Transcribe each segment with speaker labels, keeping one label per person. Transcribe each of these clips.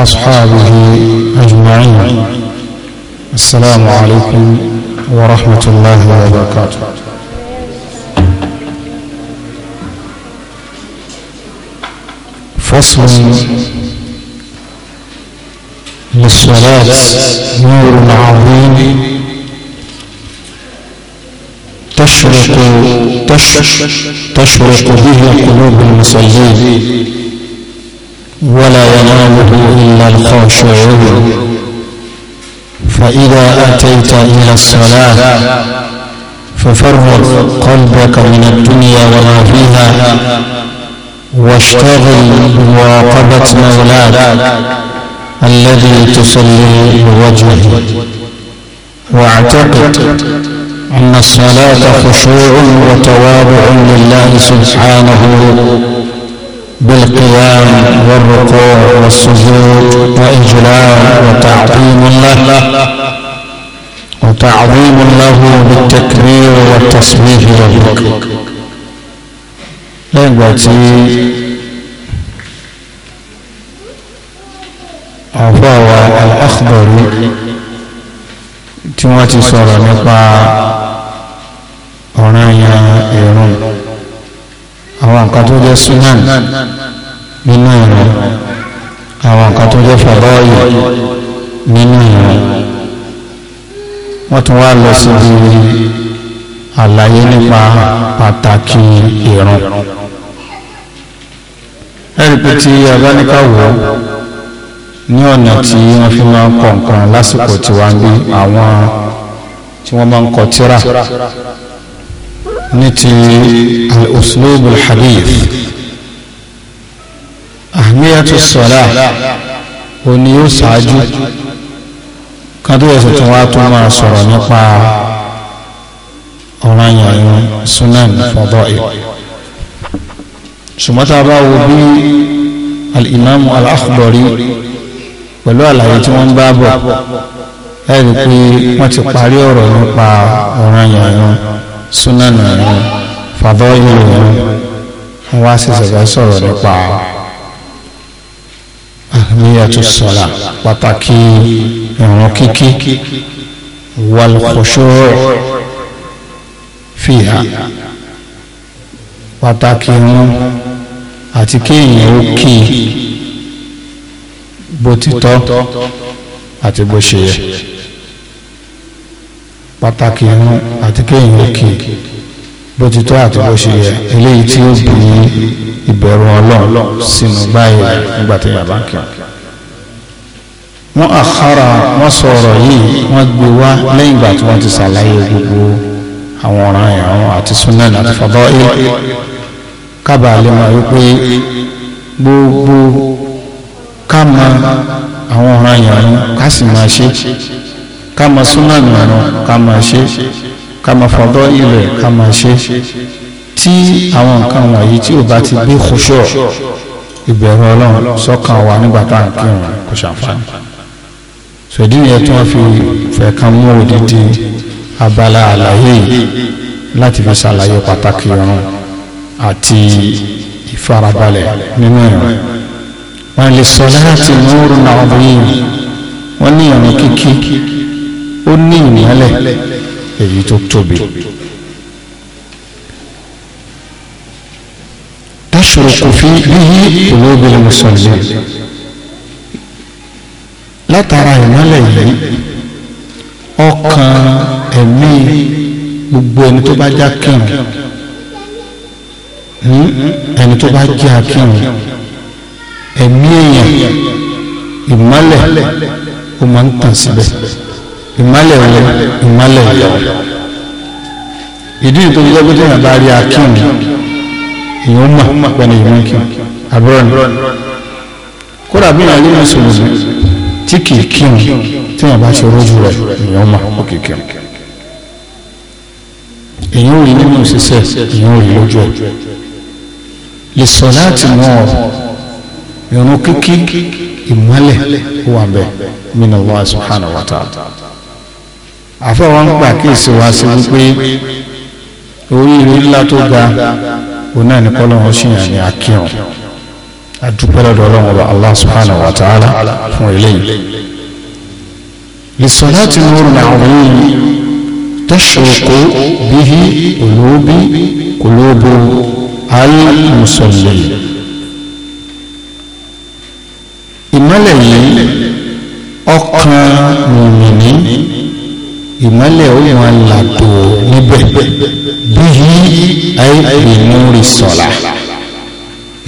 Speaker 1: وأصحابه أجمعين السلام عليكم ورحمة الله وبركاته فصل للصلاة نور عظيم تشرق تشرق به قلوب المصلين ولا يناله إلا الخاشعون فإذا أتيت إلى الصلاة ففرغ قلبك من الدنيا وما فيها واشتغل بمراقبة مولاك الذي تصلي بوجهه واعتقد أن الصلاة خشوع وتواضع لله سبحانه بالقيام والركوع والسجود وإجلال وتعظيم الله وتعظيم الله بالتكبير والتسبيح والذكر إخوتي أبواب الأخضر تواتي سورة نقا أنايا إيرون أبواب قدود السنان nínú ìran àwọn nǹkan tó jẹ́ fàbáyé nínú ìran wọ́n tún wá lọ síbi àlàyé nípa pàtàkì ìran ẹ̀rí pé tí abáníkàwọ́ ní ọ̀nà tí wọ́n fi máa ń kọ nǹkan lásìkò tí wọ́n gbé àwọn tí wọ́n máa ń kọ tírà ní ti al-uslub hadith tàhíyàtù sọ̀lá ò ní ó ṣáájú kan tó yẹsẹ̀ tó wá tó máa sọ̀rọ̀ nípa ọ̀ràn yàrá sunan fada'il ṣùgbọ́n tá a bá wo bí al-imam al-akhdari pẹ̀lú àlàyé tí wọ́n bá bọ̀ ẹ pé wọ́n ti parí ọ̀rọ̀ nípa ọ̀ràn sunan yàrá fada'il wọ́n wá sí ṣẹ̀fẹ̀ sọ̀rọ̀ nípa ọ̀ràn ahmiyatu sọ̀la pàtàkì ìrun kíkí wal khushu' fiha pàtàkì ìrun àti kéèyàn ó kí bó ti tọ́ àti bó ṣe yẹ pàtàkì ìrun àti kéèyàn ó kí bó ti tọ́ àti bó ṣe yẹ eléyìí tí ó bí ìbẹ̀rù ọlọ́run sínú báyìí nígbà tí yàrá ń kí wọn wọ́n àkàrà wọ́n sọ̀rọ̀ yìí wọ́n gbé wá lẹ́yìn ìgbà tí wọ́n ti ṣàlàyé gbogbo àwọn ọ̀ràn ìrànwọ́ àti sunan àti fọ́bọ́ ẹ̀
Speaker 2: kábàá lè máa wípé
Speaker 1: gbogbo ká mọ àwọn ọ̀ràn ìrànwọ́ ká sì máa ṣe ká mọ sunan ìrànwọ́ ká máa ṣe ká fọ́bọ́ ilẹ̀ ká máa ṣe tí àwọn nǹkan wọ̀nyí tí ò bá ti gbé kóṣọ́ ìbẹ̀rù ọlọ́run sọ́kàn wa nígbà tá à ń kírun kò ṣàǹfààní sọ̀dí yẹn tí wọ́n fi fẹ́ kan mú òdìdí abala àlàyé yìí láti fi ṣàlàyé pàtàkì ọ̀run àti ìfarabalẹ̀ nínú ìrìn wọn lè sọ láti nuru náà bóyá wọn ní ìrìn kíkí ó ní ìmọ́lẹ̀ èyí tó tóbi. تشرق فيه قلوب المصلين látara ìmọ́lẹ̀ yìí ọkàn ẹ̀mí gbogbo ẹni tó bá já kírun hmm, ẹni tó bá já kírun ẹ̀mí èèyàn ìmọ́lẹ̀ ó máa ń tàn síbẹ̀ ìmọ́lẹ̀ ọ̀lẹ́ ìmọ́lẹ̀ ọ̀lẹ́ ìdí ìtòjú jẹ́ pé tí bá rí akírun èèyàn mọ̀ pẹ̀lú ìmọ̀ kírun àbúrò ni kódà bí èèyàn lè sọ̀rọ̀ tí kìí kírun tí yàrá bá ṣe rọ́jú rẹ̀ èèyàn mọ̀ ó kìí kírun èèyàn ò rí nínú ìṣiṣẹ́ èèyàn ò rí lójú ẹ̀ lè sọ láti mọ ọ ìrún kíkí ìmọ́lẹ̀ ó wà bẹ́ẹ̀ min Allah subhanahu wa ta'ala àfọwọ́n gbà kí ìṣèwà sí wípé oríire ńlá tó ga òun náà ní kọ́lọ́run ṣìyàn ní akíhùn adúpẹ́ lọ́dọ̀ ọlọ́run ọba allah subhanahu wa ta'ala fún eléyìí lissalati nurun azim tashruqu bihi qulubi qulubu al-musallin ìmọ́lẹ̀ yìí ọkàn mùmìnì ìmọ́lẹ̀ ó yẹ wọn làtò níbẹ̀ bíi àìpé múrí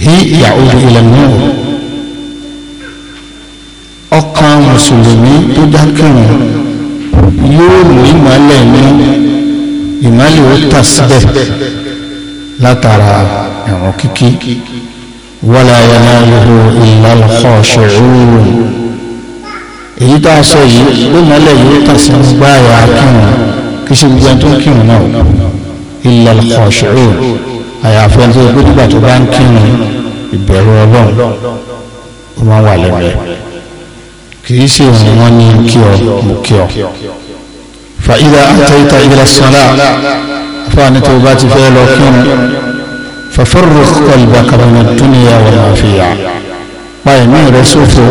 Speaker 1: hi yaudu ila nur ọkàn mùsùlùmí tó dákìrùn yóò ní ìmọ̀lẹ̀ ní ìmọ̀lẹ̀ ó tà síbẹ̀ látara ẹ̀rùn kíkí wala yanaluhu illa al-khashi'un èyí tá a sọ yìí ló mọ́lẹ̀ yóò tà sí gbáyà kírun kí ṣe gbogbo ẹni tó kírun náà illa al-khashi'un àyàfẹ́ tó gbódúgbà tó bá ń kírun ìbẹ̀rù ọlọ́run ó máa wà lẹ́nu ẹ̀ kì í ṣe òun wọn ní kí ọ mú kí ọ.
Speaker 2: fa ìlà àtẹ̀yìntà ìlà sọ́lá
Speaker 1: fáwọn tó bá ti fẹ́ lọ kírun fàfọ́rọ̀ kọlùbà kàrọ̀nà dúnìyà wà máa fi yà báyìí mí rẹ sófo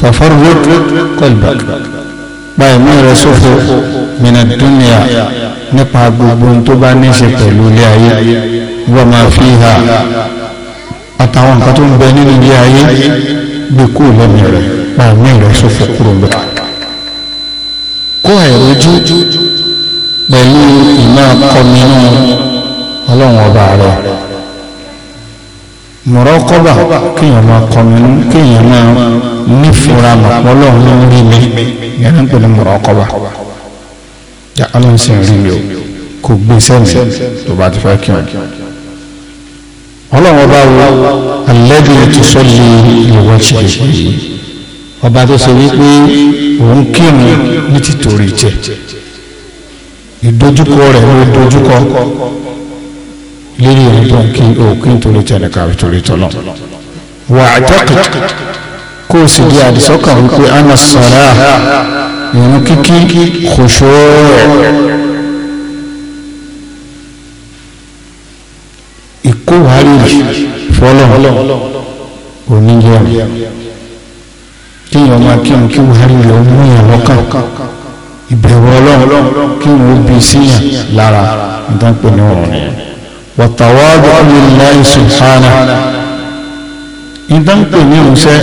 Speaker 1: fàfọ́rọ̀ kọlùbà báyìí mí rẹ sófo mìnà dúnìyà nípa gbogbo tó bá ní ṣe pẹ̀lú ilé ayé wa ma fiha àtàwọn nǹkan tó ń bẹ nínú ilé ayé gbé kó lẹ́mìí rẹ̀ máa mí rẹ̀ ṣòfò kúrò bẹ́ẹ̀. kó àìrójú pẹ̀lú ìmọ̀ akọminú ọlọ́run ọba rẹ̀ mọ̀rọ́kọ́bà kéèyàn máa kọminú kéèyàn máa nífura mọ̀pọ̀ ọlọ́run ń rí mi yẹn ń pè ní mọ̀rọ́kọ́bà ọlọ́run sì ń rí mi o kò gbé sẹ́mi tó bá ti fẹ́ kí wọn ọlọ́run ọba wo alẹ́bí tó sọ́lé ìwọ̀chì ọba tó sọ wípé òun kírun ní tìtorí jẹ ìdojúkọ rẹ̀ ló dojúkọ lórí ẹni tó ń kí òkú nítorí tẹ ẹnìkan nítorí tọ́lọ́ wà á jọ́kì kó o sì di àdìsọ́kàn wípé ana sọ̀rọ̀ ìrun kíkí kò ṣòro rẹ̀.
Speaker 2: fọ́lọ̀ oníyà
Speaker 1: kíyàn máa kíyàn kí wàhálì lọ mú yàn lọ́kàn ìbẹ̀rù ọlọ́run kí wọ́n ó bí síyàn lára nǹkan pè ní ọ̀rọ̀ yẹn wàtàwádọ́ lillahi subhanahu nǹkan pè ní ìmúṣẹ́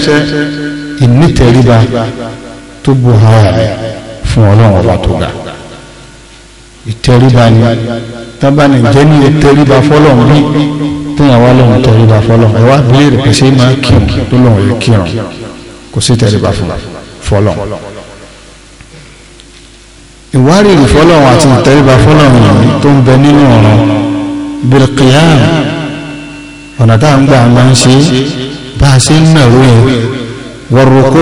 Speaker 1: ìnítẹ̀ríba tó bu rẹ̀ fún ọlọ́run ọba tó ga ìtẹ̀ríba ni tábàní jẹ́ ní ìtẹ̀ríba fọ́lọ́run bíi téèyàn wá lóhun tẹríba fọlọ́n ẹ wá bíléèrè kò sí máa kírun tó lóhun yẹ kírun kò sí tẹríba fọlọ́n ìwárìrì fọlọ́n àti ìtẹríba fọlọ́n yìí tó ń bẹ nínú ọ̀ràn bilkiyam ọ̀nà tá à ń gbà máa ń ṣe bá a ṣe ń nàró yẹn wọ̀rùkú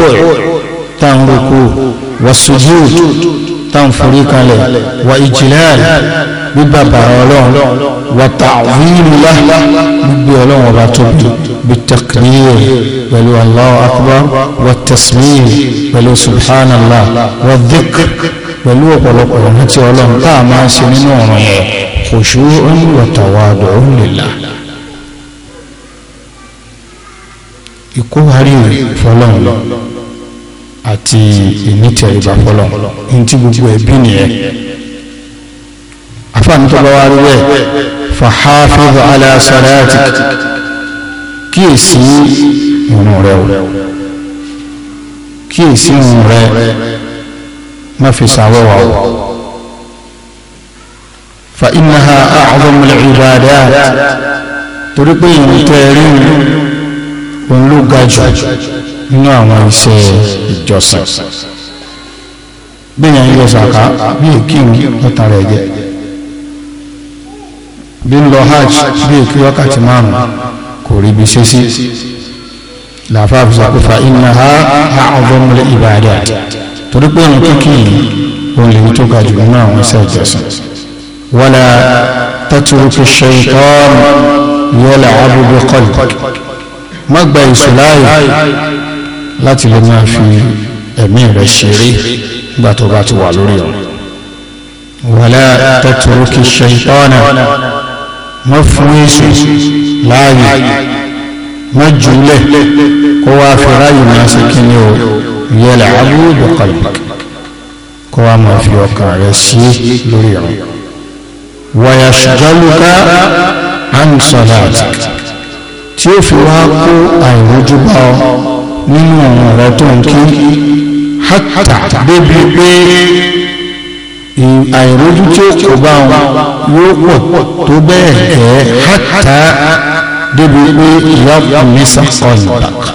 Speaker 1: tá à ń rúkú wọ̀sùjúd tá à ń forí kalẹ̀ wọ̀ ìjìlẹ̀ gbígbà bàrà ọlọ́run wàtàwíìlá gbígbé ọlọ́run ọba tóbi bitakrir pẹ̀lú Allahu akbar wàtẹ̀síwìr pẹ̀lú subhanallah wàdík pẹ̀lú ọ̀pọ̀lọpọ̀ rántí ọlọ́run tá a máa ń ṣe nínú ọ̀ràn yẹn khushu'un wa tawadu'un lillah. ìkówárí fọlọ́run àti ìnítẹ̀ríba fọlọ́run ní ti gbogbo ẹbí nìyẹn àfààní tó bá wá rí bẹ́ẹ̀ fàháfíìdù aláṣàláàtì kíyèsí ìrun rẹ o kíyèsí ìrun rẹ má fi ṣàwẹ́wà o fa innaha a'zamu al-ibadat torí pé ìrun tẹ́ rí òun ló ga jù nínú àwọn iṣẹ́ ìjọsìn gbìyànjú yọ sàká bí èkìrun ọ̀tàn rẹ̀ jẹ́ bí ń lọ hajj bí èkí wákàtí márùn kò rí bí ṣe sí làfáàfù sàkófà iná ha ha ọgbọ́nmọlẹ̀ ìbàdà torí pé òun kíkì òun lè tó ga jù nínú àwọn iṣẹ́ ìjọsìn wala tatruku shaytan yal'abu bi qalbi má gba ìṣòláyè láti lè máa fi ẹ̀mí rẹ̀ ṣeré nígbà tó bá ti wà lórí ọ̀run
Speaker 2: wala tatruku
Speaker 1: wọ́n fún èṣù láàyè wọ́n jùlẹ̀ kó wá fi ráyè máa ṣe kí ni o yẹlẹ̀ abúlé kọlùk kó wá máa fi ọkàn rẹ̀ sí lórí ọ̀rọ̀ wàyà ṣùgbọ́nlùkà ansọ̀láàtì tí ó fi wá kó àìrójú bá ọ nínú ọ̀rọ̀ tó ń kí hátà débi pé àìrójú tí bá wọn yóò pọ̀ tó bẹ́ẹ̀ gẹ́ hátà débi pé ìyá mi sàkọlù bàk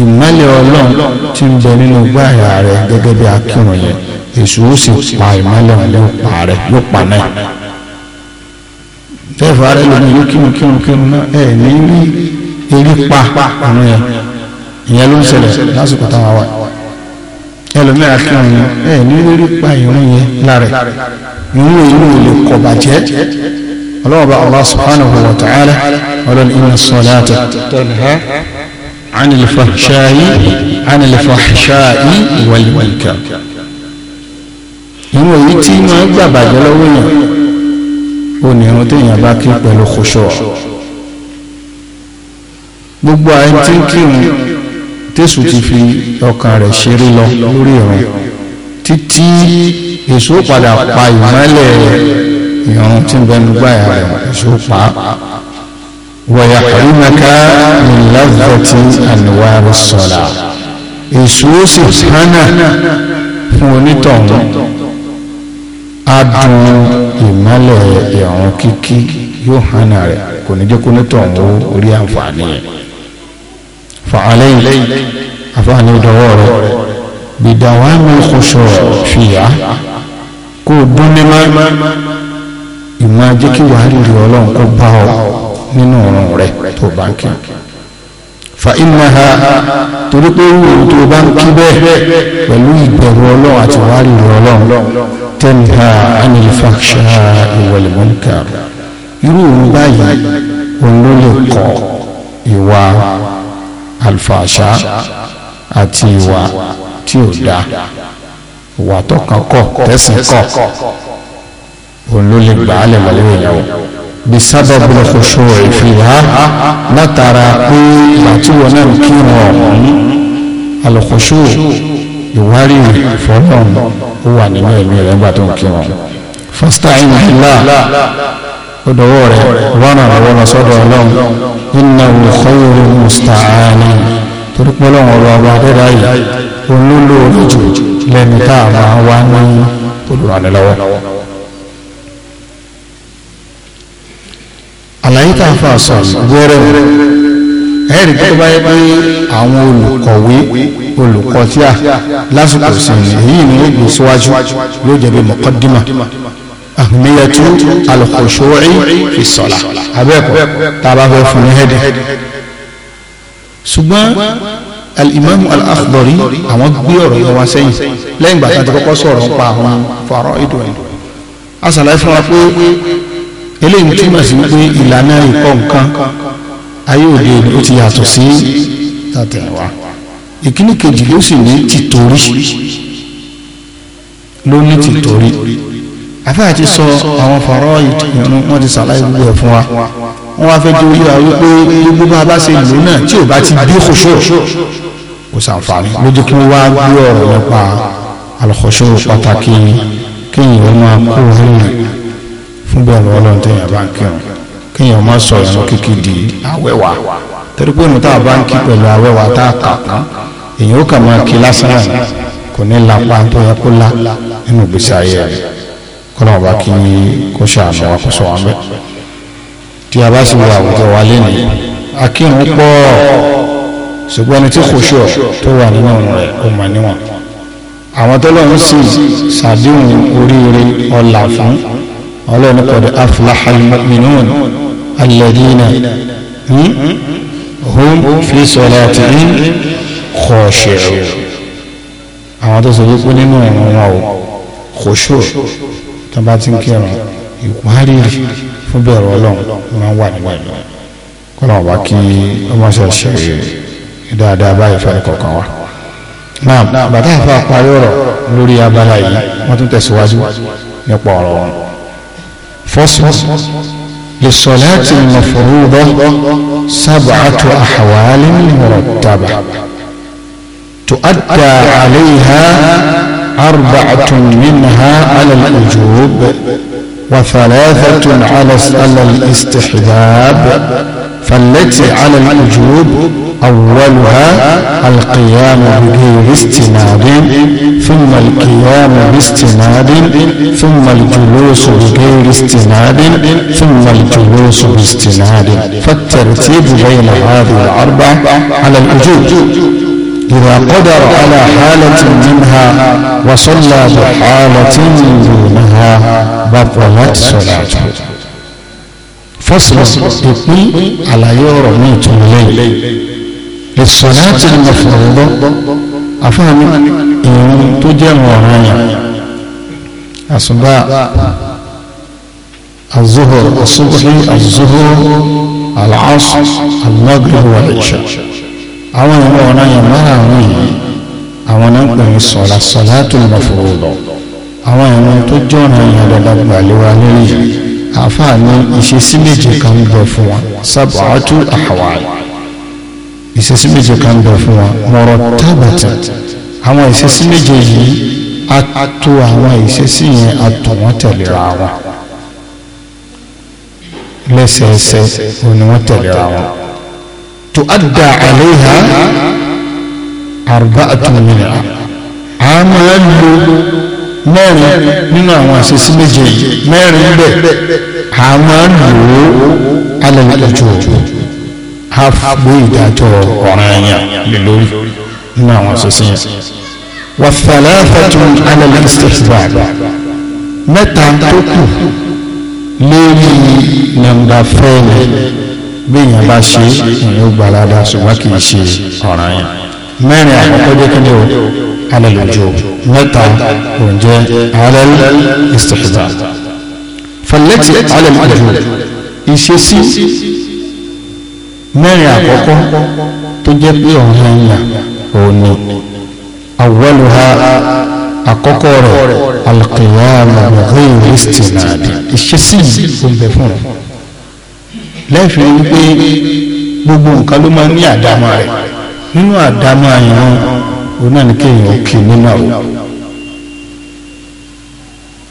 Speaker 1: ìmọ́lẹ̀ ọlọ́run ti ń bẹ nínú gbáyà rẹ gẹ́gẹ́ bí akírun yẹn èṣù ó sì pa ìmọ́lẹ̀ ọ̀hún yóò pa rẹ yóò pa náà tẹ́fà rẹ lónìí kírun kírun kírun náà ẹ̀ ní rí erí pa ọ̀run yẹn ìyẹn ló ń ṣẹlẹ̀ lásìkò táwọn wà ẹlòmíràn kí wọn yẹn ẹ ní lórí pa ìrún yẹn lára ìrún yẹn ò lè kọ̀ bàjẹ́ ọlọ́wọ́ bá Allah subhanahu wa ta'ala ọlọ́run inna salata tanha anil fahshayi anil fahshayi wal munkar ìrún èyí tí wọn gbà bàjẹ́ lọ́wọ́ yẹn ó ní ìrún téèyàn bá kí pẹ̀lú khushu' gbogbo àyè tí ń kírun tésù ti fi ọkàn rẹ̀ ṣeré lọ lórí ìrun títí èso padà pa ìmọ́lẹ̀ ìrun tí ń bẹnu gbáyà rẹ̀ èso pa wọ̀yà àríwáká ìlàzọ̀tì àníwárí sọ̀la èso sì hánà fún onítọ̀hún adùn ìmọ́lẹ̀ ìrun kíkí yóò hánà rẹ̀ kò ní jẹ́ kó onítọ̀hún orí àǹfààní yẹn fàálẹ́ àfààní ìdọ̀wọ́ rẹ̀ gbìdàwọ́ mọ́kànṣọ́ fìyà kó dún ní má ìmọ̀ ajé kí wàá rírì ọlọ́run kó bá ọ nínú ọ̀run rẹ̀ tó bá ń kí fa innaha torí pé ìròyìn tó bá ń kí bẹ́ẹ̀ pẹ̀lú ìbẹ̀rù ọlọ́run àti wàá rírì ọlọ́run tẹ́nìhà anil fahsha wal munkar irú òun báyìí òun ló lè kọ́ ìwà alfàṣà àti ìwà tí ò dáa ìwà tó kàn kọ tẹ̀sìn kọ òun ló lè gbà á lè lọ́wọ́ èèyàn o bí sábàbí lọ fọṣọ ìfìhà látara pé ìgbàtíwọ náà ń kírun ọ̀hún alùpùpù ìwárí ìfọ́nà ó wà nínú ẹ̀mí rẹ̀ nígbà tó ń kírun fasta'in billah ọdọwọ́ rẹ̀ wọ́n rẹ̀ wọ́n lọ sọ́dọ̀ ọlọ́run iná ìlúkọ́yọ̀rọ̀ mùsùtàánì torí pé ọlọ́run ọba ọba dẹ́dá yìí olúlo oríjù lẹ́ni tá a máa wá ní olùrànlọ́wọ́. àlàyé tá a fà sọ gbẹ́rẹ́ ahmiyatu alkhushu'i fi sọla abẹ́ẹ̀kọ́ tàbá fẹ́ fún ní hẹ́dì ṣùgbọ́n alimami al-akhdari àwọn gbé ọ̀rọ̀ yẹn wá sẹ́yìn lẹ́yìn gbàtà tí kọ́kọ́ sọ̀rọ̀ ń pa àwọn fọ̀rọ̀ ìdùn ẹ̀ asàlàyé fún wa pé eléyìí túmọ̀ sí pé ìlànà ìkọ́ nǹkan ayé òde òní ti yàtọ̀ sí tàtẹ̀wá ìkíní kejì ló sì ní tìtorí ló ní tìtorí àfáà ti sọ àwọn fọ̀rọ̀ ìdùnnú wọn ti sàlàyé gbogbo ẹ̀ fún wa wọn wá fẹ́ di olú wa wípé gbogbo bá a bá ṣe lò náà tí ò bá ti bí kòṣó kò sàǹfààní lójú kí wọ́n wá gbé ọ̀rọ̀ nípa àlùkòṣó pàtàkì kéèyàn ó máa kó rìnrìn fún bẹ́ẹ̀ lọ́wọ́ lọ́n tẹ̀yìn bá ń kírun kéèyàn máa sọ ìrún kíkì di awẹ́wà torí pé nùtà bá pẹ̀lú awẹ́wà tá a kà tán èèyàn ó kà máa kí lásán kò ní lápá tó yẹ kó lá nínú ìgbésí ayé rẹ̀ kọ́nà ọba kí kó ṣàánú wa kó sọ wọn bẹ́ẹ̀ tí a bá sì wà àwùjọ wa lénìí akírun pọ̀ ṣùgbọ́n ẹni tí kò ṣọ tó wà nínú rẹ̀ ó mà níwọ̀n àwọn tó lọ́run sì ṣàdéhùn oríire ọ̀là fún ọlọ́run qad aflaha al-mu'minun alladhina hmm, hum fi salatihim khashi'un àwọn tó sọ wípé nínú ìrìn wọn ò kò ṣọ tó bá ti ń kírun ìwárìrì fún bẹ̀rù ọlọ́run máa ń wà nígbà yìí kọ́nà ọba kí ọmọọṣẹ́ ṣe dáadáa báyìí fẹ́ẹ́ kọ̀ọ̀kan wa. náà bàtà àfa parí ọ̀rọ̀ lórí abala yìí wọ́n tún tẹ̀síwájú nípa ọ̀rọ̀ wọn. fọ́sùn للصلاة المفروضة سبعة أحوال مرتبة تؤدى عليها أربعة منها على الوجوب وثلاثة على الاستحباب فالتي على الوجوب أولها القيام بغير استناد ثم القيام باستناد ثم الجلوس بغير استناد ثم الجلوس باستناد فالترتيب بين هذه الأربعة على الوجوب إذا قدر على حالة منها وصلى بحالة دونها بطلت صلاته فصل الطبي على يورو ميت الليل للصلاة المفروضة أفهم إن تجمع ورايا أصباء الظهر الصبح الظهر العصر المغرب والعشاء àwọn ìwọ ọ̀nà yẹn mọ́ra àwọn yìí àwọn náà pè ní sọ̀lá sọ̀lá tó lọ fòrò lọ àwọn ìwọ tó jẹ́ ọ̀nà yẹn lọ́dọ̀ gbàlẹ́wà lórí àáfàá ní ìṣesí méje kan bẹ fún wa sab'atu ahwal ìṣesí méje kan bẹ fún wa murattabatan àwọn ìṣesí méje yìí a tó àwọn ìṣesí yẹn a tò wọ́n tẹ̀léra wọn lẹ́sẹẹsẹ òní wọ́n tẹ̀léra wọn tuadda alayha arba'atun minha a máa ń lo mẹ́rin nínú àwọn àṣẹsí méje mẹ́rin bẹ́ẹ̀ a máa ń lò ó alẹ́ ìjọ a gbé ìdájọ́ ọ̀ràn yẹn lórí nínú àwọn àṣẹsí yẹn wà thalathatun alẹ́ al-istihbab mẹ́ta tó kù lórí nàmbà fẹ́ẹ̀lẹ́ béèyàn bá ṣe èèyàn ó gba ládà ṣùgbọ́n kì í ṣe ọ̀ràn yẹn mẹ́rin àkọ́kọ́ jẹ́ kíni o alẹ́lójú mẹ́ta oúnjẹ alẹ́ istihza fẹlẹ́tì alẹ́lójú ìṣesí mẹ́rin àkọ́kọ́ tó jẹ́ pé ọ̀ràn yẹn òní awwaluha àkọ́kọ́ rẹ̀ alqiyama ghayr istinadi ìṣesí ìgbẹ́ fún rẹ̀ lẹ́ẹ̀fì wípé gbogbo nǹkan ló máa ń ní àdámọ́ rẹ̀ nínú àdámọ́ àyàn òun náà ní kéèyàn ó kì nínú àwọn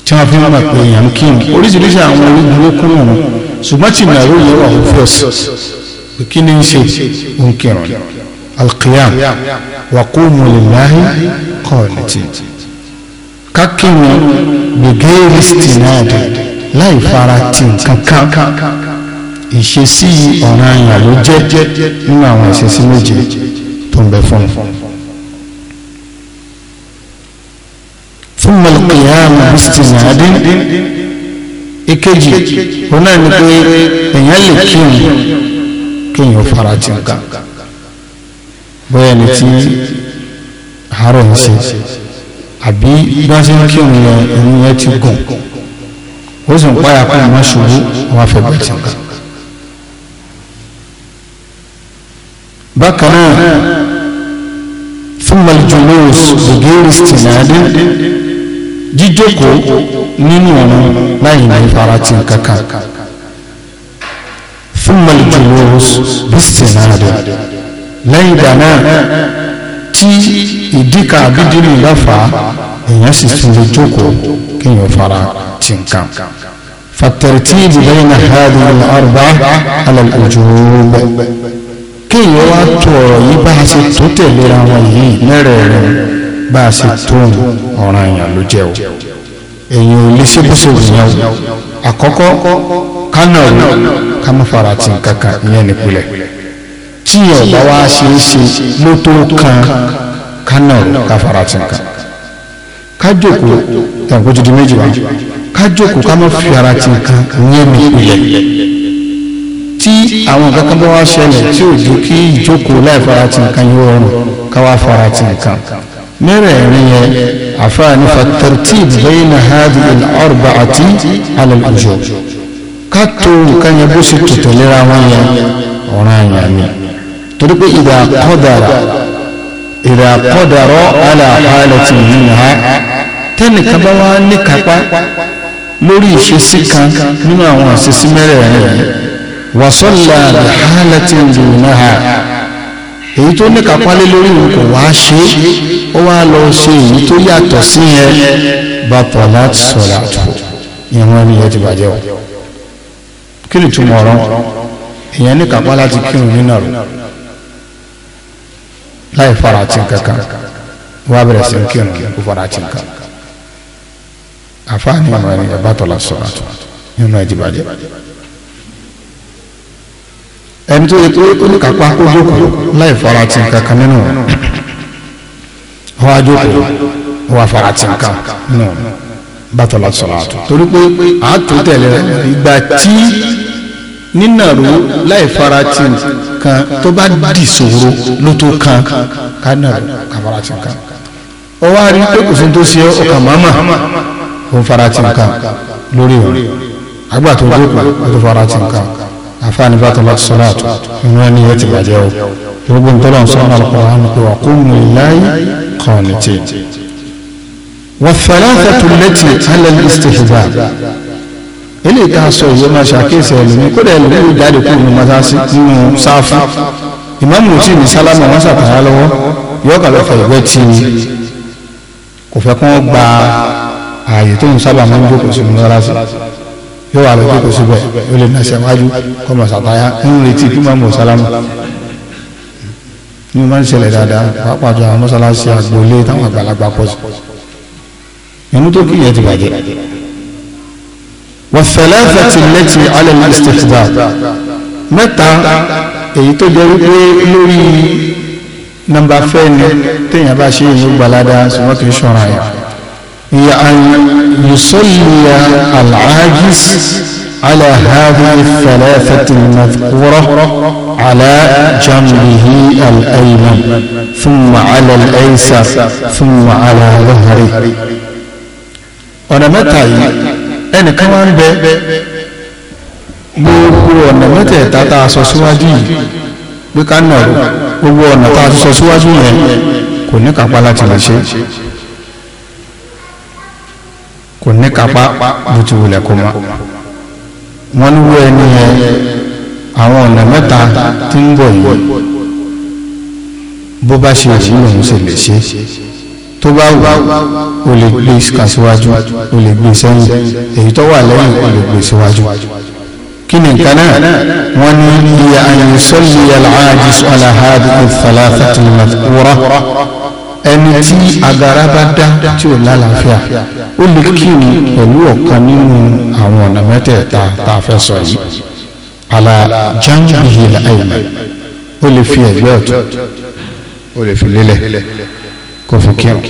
Speaker 1: tí wọ́n fi ń mọ̀ pé èèyàn ń kírun oríṣiríṣi àwọn orígun ló kún òun ṣùgbọ́n tí ìnáwó yẹn wà obvious pé kí ni ń ṣe òun kírun alqiyam wa qumu lillahi qanitin ká kírun gbẹgẹ́ rìstì náà dé láì fara tì nǹkan kan ìṣesí ọ̀ràn àyàn ló jẹ́ nínú àwọn ìṣesí méje tó ń bẹ fún un. fún mọ̀lẹ́pẹ̀ yà á mọ̀ bísítì ní adé ìkejì òun náà ni pé èèyàn lè kírun kéèyàn fara ti nǹkan bóyá ni ti àárọ̀ ń ṣe àbí bí wọ́n ṣe ń kírun yẹn ẹ̀yìn yẹn ti gùn ó sì ń pààyà pé àwọn ṣubú wọn fẹ́ bẹ̀rẹ̀ ti nǹkan. bákan náà fún maljulos bugiri stinade jíjókòó nínú ọ̀run láì ní farati kankan fún maljulos bistinade lẹ́yìn ìgbà náà tí ìdíkà abídínú bá fà á èèyàn sì tún lè jókòó kéèyàn fara ti nǹkan. فالترتيب بين هذه الأربعة على الأجوب kéèyàn wá tó ọ̀rọ̀ yìí bá a ṣe tó tẹ̀léra wọn yìí mẹ́rẹ̀ẹ̀rin bá a ṣe tó ọ̀ràn èèyàn ló jẹ́ o èèyàn ò lè ṣe bó ṣe wù yẹn o àkọ́kọ́ kánà wò ká má fara ti nǹkan kan ìyẹn nípìnlẹ̀ tí ọ̀bá wa ṣe é ṣe mọ́tò kan kánà wò ká fara ti nǹkan kájòkó tàbí kó ti di méjì wá kájòkó ká má fi ara ti nǹkan ìyẹn nípìnlẹ̀ tí àwọn nǹkan kan bá wá ṣẹlẹ̀ tí ò ju kí ìjókòó láì farati nǹkan yóò rọrùn ká wá farati nǹkan mẹ́rẹ̀ẹ̀rin yẹn àfààní fatartib bayna hadhihi al-arba'ati ala al-wujub ká tó nǹkan yẹn bó ṣe tòtò lera wọn yẹn ọ̀ràn yẹn ni torí pé idha qadara idha qadara ala halatin minha tẹ́nìkan bá wá ní kápá lórí ìṣesí kan nínú àwọn ìṣesí mẹ́rẹ̀ẹ̀rin yẹn wàsọ́là hálẹ́tì ìdùnnáhà èyí tó ní kápálẹ́ lórí òun kò wá ṣe ó wá lọ ṣe èyí tó yàtọ̀ sí yẹn bàtọ̀ láti sọ̀rọ̀ àtọ̀ ìwọ̀n ẹni yẹn ti bàjẹ́ o kí ni túmọ̀ ọ̀rọ̀ èèyàn ní kápá láti kírun nínà rẹ̀ láì fara kankan
Speaker 2: wàá bẹ̀rẹ̀ sí kírun kó
Speaker 1: fara ti kankan àfáàní ìwọ̀n ẹni yẹn bàtọ̀ láti sọ̀rọ̀ àtọ̀ ìwọ̀n ẹni ti bàjẹ́ ẹni tó yẹ tó yẹ tó ní kápá kó jókòó láì fara ti nǹkan kan nínú wọn ajókòó wọn fara ti nǹkan nínú bàtàlá sọ̀rọ̀ àtọ̀ torí pé àtò tẹ̀lé ìgbà tí nínàró láì fara ti nǹkan tó bá dì sòro ló tó kan ká nàró ká fara ti nǹkan ó pé kò sí tó màmá òun fara ti lórí wọn àgbà tó jókòó ó tó fara ti àfáàní bàtàlá sọláàtù inú ẹni yóò ti bàjẹ́ o gbogbo nítorí àwọn sọ́nà alukọ̀rán pé wà kó mú láyé kọ̀ọ̀nìtì. wàfẹ̀láfẹ̀tù lẹ́tì alẹ́ ìsìtìfìgbà eléyìí tá a sọ ìwé máa ṣàkíyèsí ẹlòmíì kódà ẹlòmíì yóò jáde kúrò nínú mọ́sáàsì nínú sáfù ìmáàmù tí ní sálámù wọn ṣàkàrà lọ́wọ́ yóò kà lọ́fọ̀ ìwé tí kò fẹ́ kó gba ààyè tó ń sábà máa ń jókòó sí yóò wà lójú kò síbẹ̀ ó lè nàṣẹ wájú kọ́ mọ̀ sàtáyà ń retí kí mọ̀ mọ̀ sálámù ní máa ń ṣẹlẹ̀ dáadáa pàápàá jọ àwọn mọ́sálásí àgbòlé táwọn àgbàlagbà pọ̀ sí inú tó kí yẹn ti bàjẹ́. wọ́n fẹ̀lẹ́ fẹ̀tì lẹ́tì alẹ́ ní stéèdà mẹ́ta èyí tó jẹ́ wípé lórí nọ́mbà fẹ́ẹ̀ni téèyàn bá ṣe èyí gbàládà ṣùgbọ́n kì í ṣọ̀ràn yẹn. يعني يصلي العاجز على هذه الثلاثة المذكورة على جنبه الأيمن ثم على الأيسر ثم على ظهره ọ̀nà mẹ́ta yìí ẹnìkan máa ń bẹ gbogbo ọ̀nà mẹ́tẹ̀ẹ̀ta tá a sọ síwájú yìí pé ká nọ̀rọ̀ gbogbo ọ̀nà tá a sọ síwájú yẹn kò ní kápá láti lè ṣe kò ní kápá bó ti wulẹ̀ kó ma wọ́n ní wú ẹni yẹn àwọn ọ̀nà mẹ́ta tí ń bọ̀ yìí bó bá ṣe òyìn lòun ṣe lè ṣe tó bá wù ó lè gbé kàṣíwájú ó lè gbé sẹ́yìn èyí tó wà lẹ́yìn ó lè gbé síwájú kí ni nǹkan náà wọ́n ní iye àyìnsọ́lì yàrá àjùsọ̀ àlàhàdì ìfàlàfàtìmọ̀ wúrọ́ ẹni tí agara bá dá tí ò lálàáfíà ó lè kírun pẹ̀lú ọ̀kan nínú àwọn ọ̀nà mẹ́tẹ̀ẹ̀ta tá a fẹ́ sọ yìí ala janbihi al-ayman ó lè fi ẹ̀gbẹ́ ọ̀tún ó lè fi lélẹ̀ kó fi kírun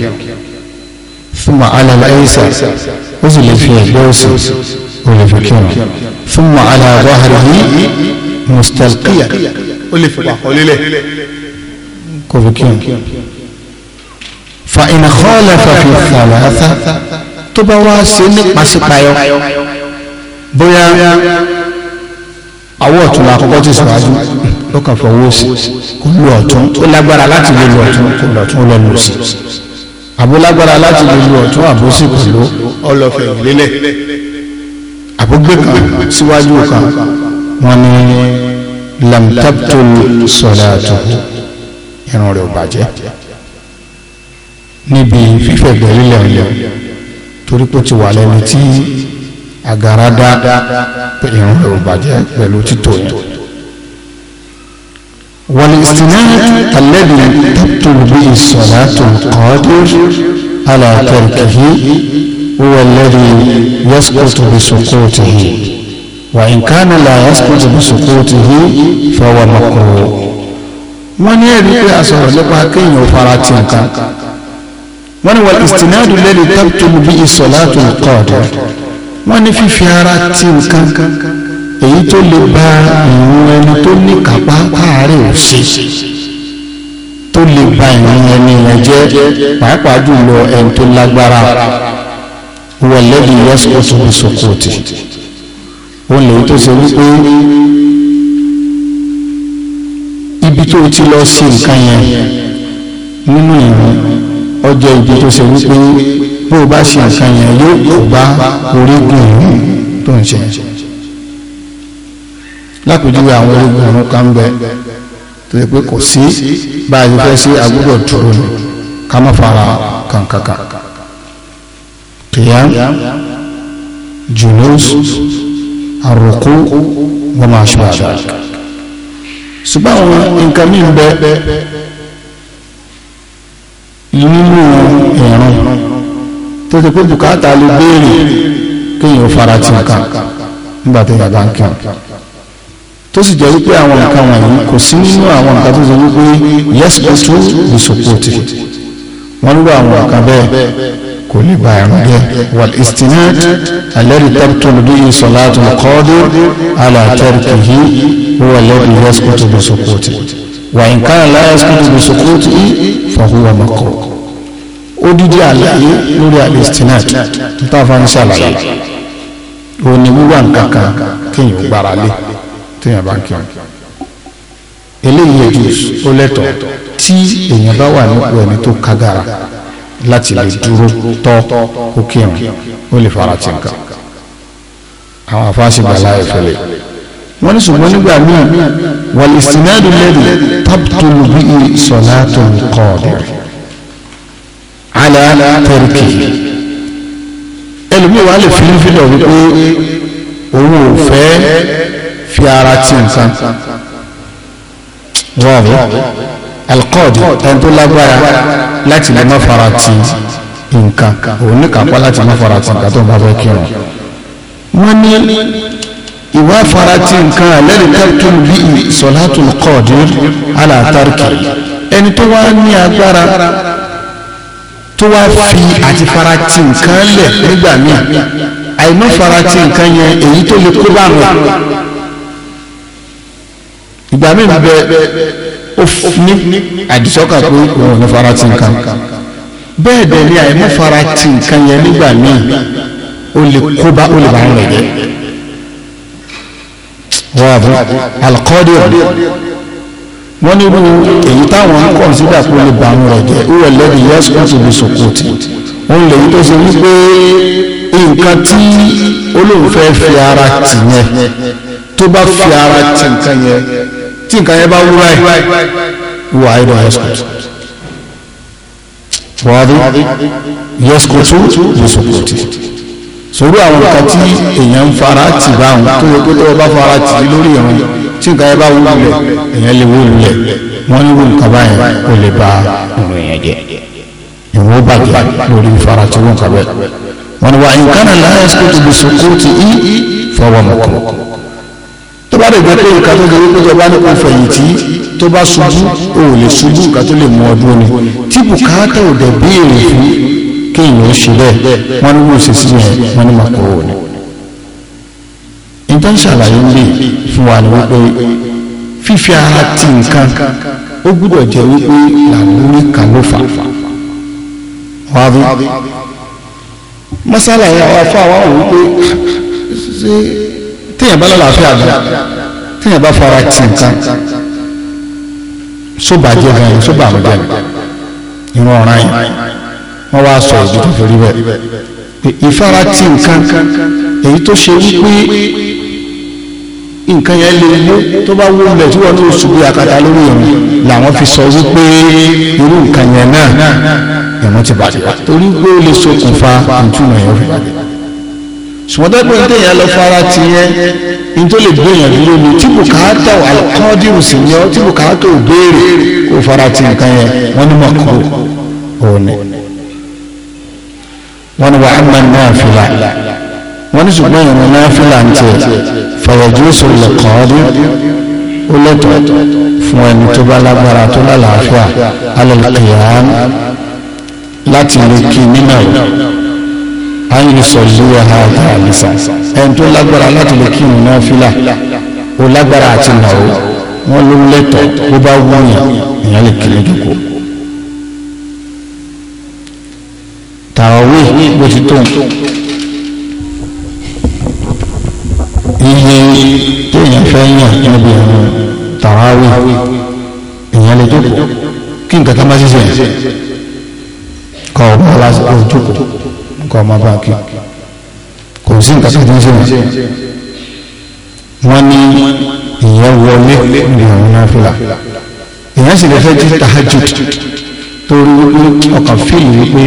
Speaker 1: thumma ala al-aysar ó sì lè fi ẹ̀gbẹ́ òsì ó lè fi kírun thumma ala zahrihi mustalqiyan ó lè fi pàkọ́ lélẹ̀ fi kírun fa in khalafa fi thalatha tó bá wá ṣe nípasípayọ bóyá àwọ̀ ọ̀tún la kọ́kọ́ ti ṣèwájú ó kàn fọwọ́ sí kó lu ọ̀tún ó lágbára láti lè lu ọ̀tún kó lu ọ̀tún ó lọ lu sí àbólágbára láti lè lu ọ̀tún àbósí pẹ̀lú ọlọ́fẹ̀ ìlélẹ̀ àbúgbé kan síwájú kan wọn ni lamtabtul salatu irun rẹ̀ ò bàjẹ́ níbi fífẹ̀gbẹ́ lílẹ̀ ọ̀lẹ̀ torí pé ó ti wà lẹ́nu tí agara dá ìrùn rẹ̀ ò bàjẹ́ pẹ̀lú títò yẹn. والاستناد الذي تبطل به الصلاة القادر على تركه هو الذي يسقط بسقوطه وإن كان لا يسقط بسقوطه فهو مكروه. wọ́n ní ẹ̀rí pé àsọ̀rọ̀ nípa kéèyàn ó fara ti nǹkan wọ́n ní wà ìsìnádù lẹ́nu tẹ́tùmù bí ìsọ̀láàtù kọ́ọ̀dù wọ́n ní fífi ara ti nǹkan èyí tó lè ba ìrun ẹni tó ní kápá káàárẹ̀ òṣè tó lè ba ìrun ẹni yẹn jẹ́ pàápàá jùlọ ẹni tó lágbára wọ̀lẹ́bí yẹ́sọ̀tún sọ̀kòtì wọ́n lè tó ṣe wípé ibi tó ti lọ sí nǹkan yẹn nínú ìrun ọjọ́ ìdí tó ṣe wípé bó o bá ṣe nǹkan yẹn yóò bá orígun ìlú tó ń ṣe lápèjúwe àwọn orígun ọ̀run kan bẹ tó yẹ pé kò sí bá a yẹ fẹ́ sí agbúdọ̀ dúró ni ká má fara kàǹkàǹkà kìyàm jùlọ́s àròkó
Speaker 2: wọ́n máa ṣe àṣà
Speaker 1: ṣùgbọ́n àwọn nǹkan mìíràn bẹ́ẹ̀ ìrun tó ti pé bùkátà lè béèrè kéèyàn fara ti nǹkan nígbà tó yàgbá ń kírun tó sì jẹ́ wípé àwọn nǹkan wọ̀nyí kò sí nínú àwọn nǹkan tó sọ wípé yes but two be supported wọ́n lọ àwọn nǹkan bẹ́ẹ̀ kò lè ba ẹ̀rùn jẹ́ wal istinad alẹ́rì tẹ́pítọ́lù bí sọ̀láàtù kọ́ọ́dù alàtẹ́rìkì yìí huwa alladhi yes but two be supported wà nǹkan láyé yes but two be odidi àlàyé lórí alistinat ntafa ń ṣàlàyé òun ni wíwá nǹkan kan kéèyàn gbára lé téèyàn bá ń kírun eléyìí ejus ó lẹ́tọ̀ tí èèyàn bá wà nípò ẹni tó kágara láti lè dúró tọ́ kó kírun ó lè fara ti nǹkan àwọn afáṣìgbà láyé fẹlẹ̀ wọ́n ní ṣùgbọ́n nígbà míì wal istinadu lẹ́rìí tábùtò lùbí ìsọ̀lá tó ń kọ́ ọ̀dẹ̀rẹ̀ ala tẹ̀rìkì ẹlòmíì wà lè filifilẹ̀ wípé òun ò fẹ́ fi ara ti nǹkan rọ̀bì alqadi ẹni tó lágbára láti lè má fara ti nǹkan òun ní kápá láti má fara ti nǹkan tó ń bá fẹ́ kírun wọ́n ní ìwà farati nǹkan alẹ́rìí tẹ́tùn bí i kọ́ọ̀dì alàtàrkì ẹni tó wá ní agbára tó wá fi àti farati nǹkan lẹ̀ nígbà míì àìmọ́ farati nǹkan yẹn èyí tó lè kó bá wọn ìgbà míì bẹ ó ní àdìsọ́kà pé wọn ò ní farati nǹkan bẹ́ẹ̀ dẹ̀ ni àìmọ́ farati nǹkan yẹn nígbà míì ó lè kó bá ó lè bá rẹ̀ jẹ́ wọ́n àbúrò alqadir wọ́n ní irú èyí táwọn ń kọ̀nsídà kó lè bá àwọn ọ̀jẹ̀ ìwé lẹ́bi yẹ́sì kan ti lè sòkòtì òun lèyí tó ṣe wípé nǹkan tí olóhùn fẹ́ fi ara tì yẹn tó bá fi ara tì nǹkan yẹn tí nǹkan yẹn bá wúra ẹ̀ wọ àìdọ̀ yẹ́sì kan wàdí yẹ́sì kan tó lè sòkòtì sòrú àwọn nǹkan tí èèyàn ń fara tì báwọn tó yẹ pé tó bá fara tì lórí ìrìn tí nǹkan yẹn bá wù lẹ̀ èèyàn lè wù lẹ̀ wọ́n ní wù nǹkan báyẹn kò lè ba ọ̀rọ̀ yẹn jẹ ìwọ bàjẹ́ lórí ìfara tí wọ́n kàwé wọn ni wà nǹkan náà ẹsikútù bìsùkútù yìí fọwọ́ mọ̀kọ́ tó bá lè gbé pé nǹkan tó gbé pé bá lè kó fẹ̀yìntì tó bá ṣubú o lè ṣubú nǹkan tó lè mú ọdún ni tí bùkátà ò dẹ̀ bí èrè fún kéèyàn ó ṣe bẹ́ẹ̀ wọ́n ní wọ́n ṣe sí yẹn wọ́n ní màkọ́ òní nítorí ṣàlàyé lè fún wa ní wípé fífi ara ti nǹkan ó gbúdọ̀ jẹ́ wípé làwọn kan ló fà wá bí masala yẹn àwọn afọ àwọn òun pé ṣe téèyàn bá lálàáfíà gan téèyàn bá fara ti nǹkan sóbà jẹ gan yìí sóbà mú gan ìran ọ̀ràn yìí wọ́n wá sọ ìdí tó fi rí bẹ́ẹ̀ ìfarati nǹkan èyí tó ṣe wípé nǹkan yẹn lè mú tó bá wú lẹ̀ tí wọ́n ní oṣù bí akata lórí ìrìn làwọn fi sọ wípé irú nǹkan yẹn náà ìrún ti bàjẹ́ torí pé ó lè ṣokùnfà ìtumọ̀ yẹn rẹ̀ ṣùgbọ́n dẹ́gbẹ́ ní tẹ̀yìn lọ fara ti yẹn ní tó lè gbóyàn dúró ni tí bùkátà àkọ́dìrù sì yọ tí bùkátà ò béèrè kó fara ti nǹkan yẹn wọ́n ní mọ̀kọ́ òní wọ́n ní wàá náà wọ́n ní ṣùgbọ́n ìrìn náà fi làǹtì fàyàjú ìṣòro kọ́ọ́dí ó lẹ́tọ̀ fún ẹni tó bá lágbára tó lálàáfíà alẹ́lẹ́kẹ̀yàn láti lè kí nínà ayélu sọ̀lẹ́ ẹ̀ha ọ̀gá àlìsà ẹni tó lágbára láti lè kí nínà fílà ó lágbára àti nàró wọ́n ló lẹ́tọ̀ ó bá wúyàn ìyẹn lè kí ní dùkú. tàwọn wíì bó ti tó nǹkan. pé téèyàn fẹ́ yàn níbi àwọn tàràwì èèyàn lè jókòó kí nǹkan kan bá ṣiṣẹ́ kọ ọmọ lásìkò jókòó kọ ọmọ bá kí kò sí nǹkan tó ń ṣe wọn ní ìyẹn wọlé níbi àwọn náfìlà èèyàn sì lè fẹ́ jí tahajud torí ọkàn fíìlì wípé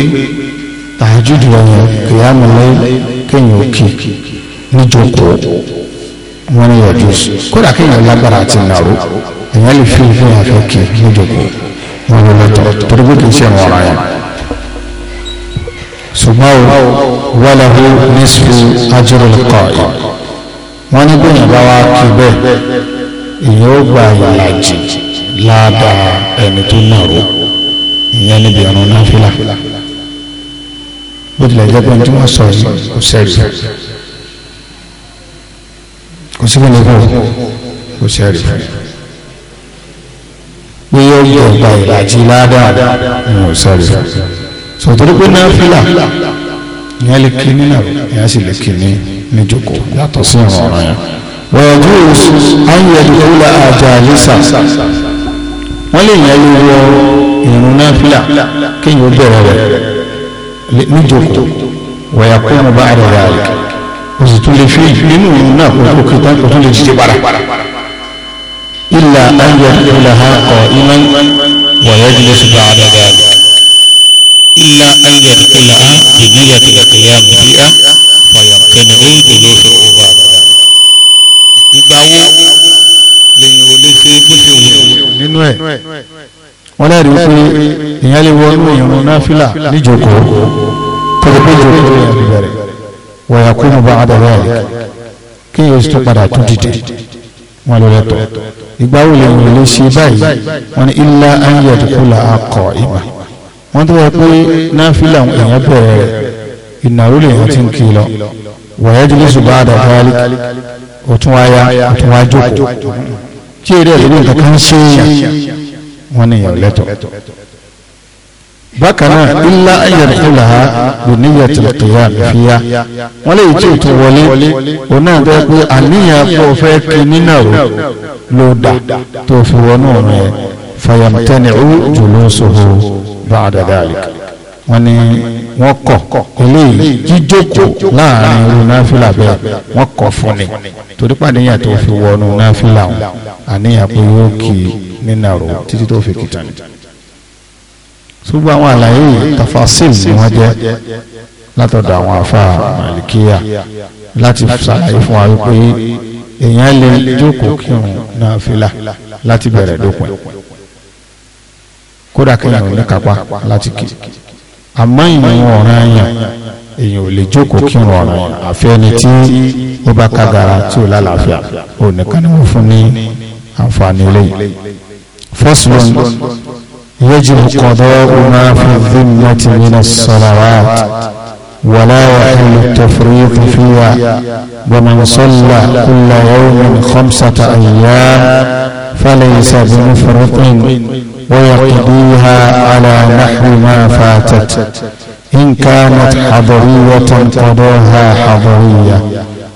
Speaker 1: tahajud lọ́yìn kìyàmù lẹ́yìn kéèyàn òkè níjókòó wọ́n ní yọjú kódà kéèyàn lágbára àti nàró èèyàn lè fi ìfẹ́ àfẹ́ kì í lójoko wọ́n ní lọ́tọ̀ torí pé kì í ṣe àwọn ọ̀ràn yẹn. ṣùgbọ́n o wọ́lẹ̀hu nísfu ajurul qa'i wọ́n ní bẹ́yìn bá wá kí bẹ́ẹ̀ èèyàn ó gba ìlàjì ládàá ẹni tó nàró ìyẹn níbi ọ̀run náfìlà bó tilẹ̀ jẹ́ pé ní tí wọ́n sọ yìí kò sẹ́yìn kò sí mọ́lẹ́kù kò sí ẹ̀rí pé yóò yọ ọgbà ìdajì ládàá kò sí ẹ̀rí sọ̀tọ́rí pé náfìlà ìyẹn lè kí nínà ìyẹn sì lè kí ní níjòkó yàtọ̀ sí ìrìn ọ̀ràn yẹn wọ̀nyí ayélujára àjà àlísà wọ́n lè yẹn lè wọ ìrún náfìlà kéèyàn ó bẹ̀rẹ̀ rẹ̀ níjòkó wọ̀nyí kó mo bá àrẹ̀ rẹ̀ àlè o sì tún lè fi nínú ìlú náà kó tó kí tán kó tún lè dìde padà. ilà ayọ̀ ìlà ha kọ iman wọ̀nyẹ́ jùlọ ṣùgbọ́n àdàdà ilà ayọ̀ ìlà ha jìnnìyà tó kẹ̀yà mìíràn wọ̀nyẹ́ kẹ́ni ó jùlọ ṣùgbọ́n àdàdà. ìgbà wo lèyìn ò lè ṣe bó ṣe wù nínú ẹ̀ wọ́n lẹ́rìí wípé èèyàn lè wọ́n ní ìrún náfìlà níjókòó tó lè pé ìjókòó yẹn bẹ̀rẹ̀ wọ̀yàkúnú bá àdàrà rẹ̀ kí yóò sì tún padà tún dìde wọn lọ lẹ́tọ̀ ìgbà wo lè wọlé ṣe báyìí wọn ni ilá ayé ẹ̀dùkúlà akọ ìmà wọn tó wọ pé náfìlà èèyàn bẹ̀rẹ̀ ìnáwó lèèyàn ti ń kí lọ wọ̀yàjúlé ṣùgbọ́n àdàrà rẹ̀ òtún wáyà òtún wáyà jókòó tí èrè ẹ̀dùn kankan ṣe é yàn wọn ni ìyàwó lẹ́tọ̀
Speaker 2: bákan náà ilá ayẹ̀rẹ̀ ìlàhà lóníyà tìlùkìyà fìyà wọ́n lè tí ò tún wọlé òun náà bẹ́ẹ̀ pé àníyàn pọ̀ fẹ́ kí nínà rò ló
Speaker 1: dà tó fi wọnú ọ̀rọ̀ yẹn fàyàmùtẹ́ni ó jùlọ sòrò bá a dàda àríkà wọ́n ní wọ́n kọ̀ láàrin irú náfìlà bẹ́ẹ̀ wọ́n kọ̀ fún ni torí pàdéyàn tó fi wọnú náfìlà àníyàn pé yóò kí nínà rò títí tó fi kìtàn nìtàn ṣùgbọ́n àwọn àlàyé yìí tafasil ni wọ́n jẹ́ látọ̀dọ̀ àwọn afa malikiya láti ṣàlàyé fún wa wípé èèyàn lè jókòó kírun náà fìlà láti bẹ̀rẹ̀ dópin kódà kéèyàn ò ní kápá láti kí àmọ́ ìrìn ọ̀ràn yẹn èèyàn ò lè jókòó kírun ọ̀ràn yẹn ẹni tí ó bá kágara tí ò lálàáfíà ò nìkan ni fún ní àǹfààní eléyìí first one. يجب قضاء ما في الذمة من الصلوات ولا يحل التفريط فيها ومن صلى كل يوم خمسة أيام فليس بمفرط ويقضيها على نحو ما فاتت إن كانت حضرية قضاها حضرية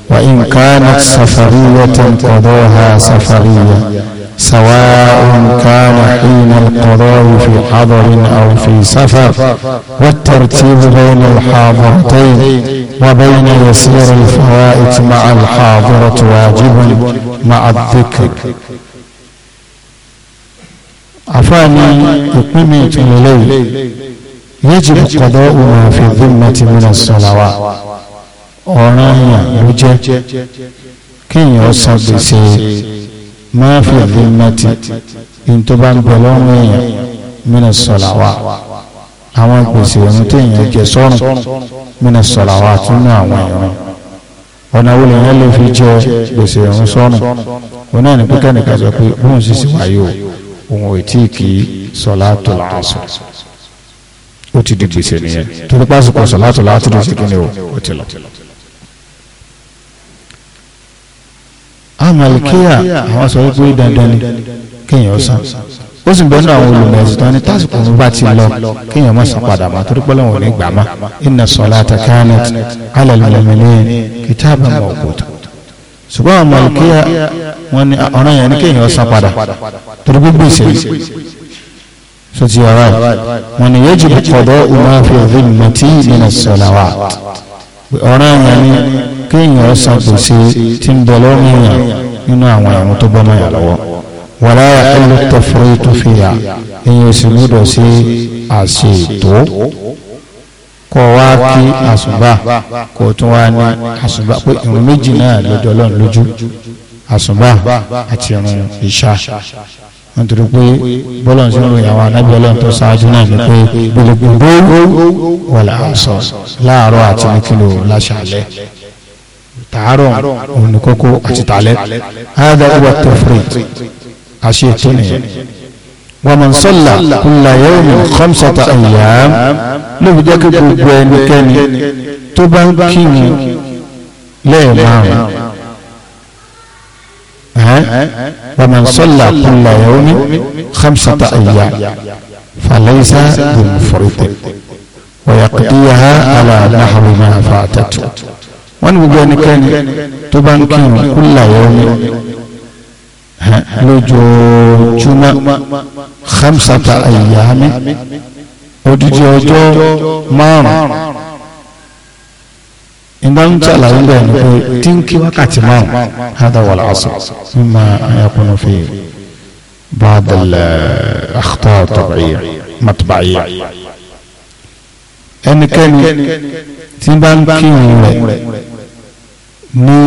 Speaker 1: وإن كانت سفرية قضاها سفرية سواء كان حين القضاء في حضر أو في سفر والترتيب بين الحاضرتين وبين يسير الفوائت مع الحاضرة واجب مع الذكر أفاني إقمت إليه يجب قضاء ما في الذمة من الصلوات أنا يجب كي يوصل بسيط máa fi àfihàmàtì ìtọ́ba ń bọ̀ lọ́rùn èèyàn mìíràn sọ̀là wa àwọn gbèsè ọ̀run téèyàn jẹ sọ́run mìíràn sọ̀là wa tún ní àwọn ìran ọ̀nà wo lèèyàn lè fi jẹ gbèsè ọ̀run sọ́run òun náà ní pípẹ́ nìkan sọ pé bóun sì sì wáyé o òun ò tí ti di gbèsè nìyẹn torí pásítọ̀ sọ̀lá tó làásùn ó ti kí ni o ó ti lọ. àwọn malikiya àwọn sọ wípé dandan ni kéèyàn san ó sì bẹ́ẹ̀ ní àwọn olùmọ̀ọ́sì tán ní tásìkò ń bá ti lọ kéèyàn má san padà má torí pé lọ́wọ́ ní gbàmá inna salata kanat ala al-mu'minina kitaban mawquta ṣùgbọ́n àwọn malikiya wọn ni ọ̀ràn yẹn ní kéèyàn san padà torí gbogbo ìṣèlú sọ ti ọ̀rọ̀ wọn ni yajibu qada'u ma fi dhimmati min as-salawat ọ̀ràn ẹ̀yàn ni kéèyàn san gbèsè tí ń bẹ lọ́rùn èèyàn nínú àwọn àrùn tó bọ́ mọ́yà lọ́wọ́ wàlá ẹlò tọfọ ètò fìyà èèyàn sì gbọ́dọ̀ sí àṣẹ
Speaker 2: ètò wá kí àsùbà kò tún wá ní àsùbà pé ìrun méjì náà lójọ́
Speaker 1: lọ́n lójú àsùbà àti ìrun ìṣá nítorí pé bọ́lá ń sọ́nà ìyàwó anábì ọlọ́run tó ṣáájú náà ni pé gbogbo wà láàṣọ láàárọ̀ àti nìkìlò láṣàlẹ̀ tààrọ̀ ònìkókó àti tààlẹ̀ ádá ìwà tafrit àṣẹ ètò nìyẹn wa man salla kulla yawmin khamsata ayyam ló fi jẹ́ kí gbogbo ẹnikẹ́ni
Speaker 2: tó bá ń kírun
Speaker 1: lẹ́ẹ̀ márùn-ún ومن صلى كل يوم خمسة أيام فليس بمفرد ويقضيها على نحو ما فاتته وان بجان كان تبانكي كل يوم لجو جمع خمسة أيام ودجو جو مام إنهم تعلمون بأنه تنكي وقت ما هذا هو العصر مما يكون في بعض الأخطاء الطبيعية مطبعية أن كان تنبان كيوم ni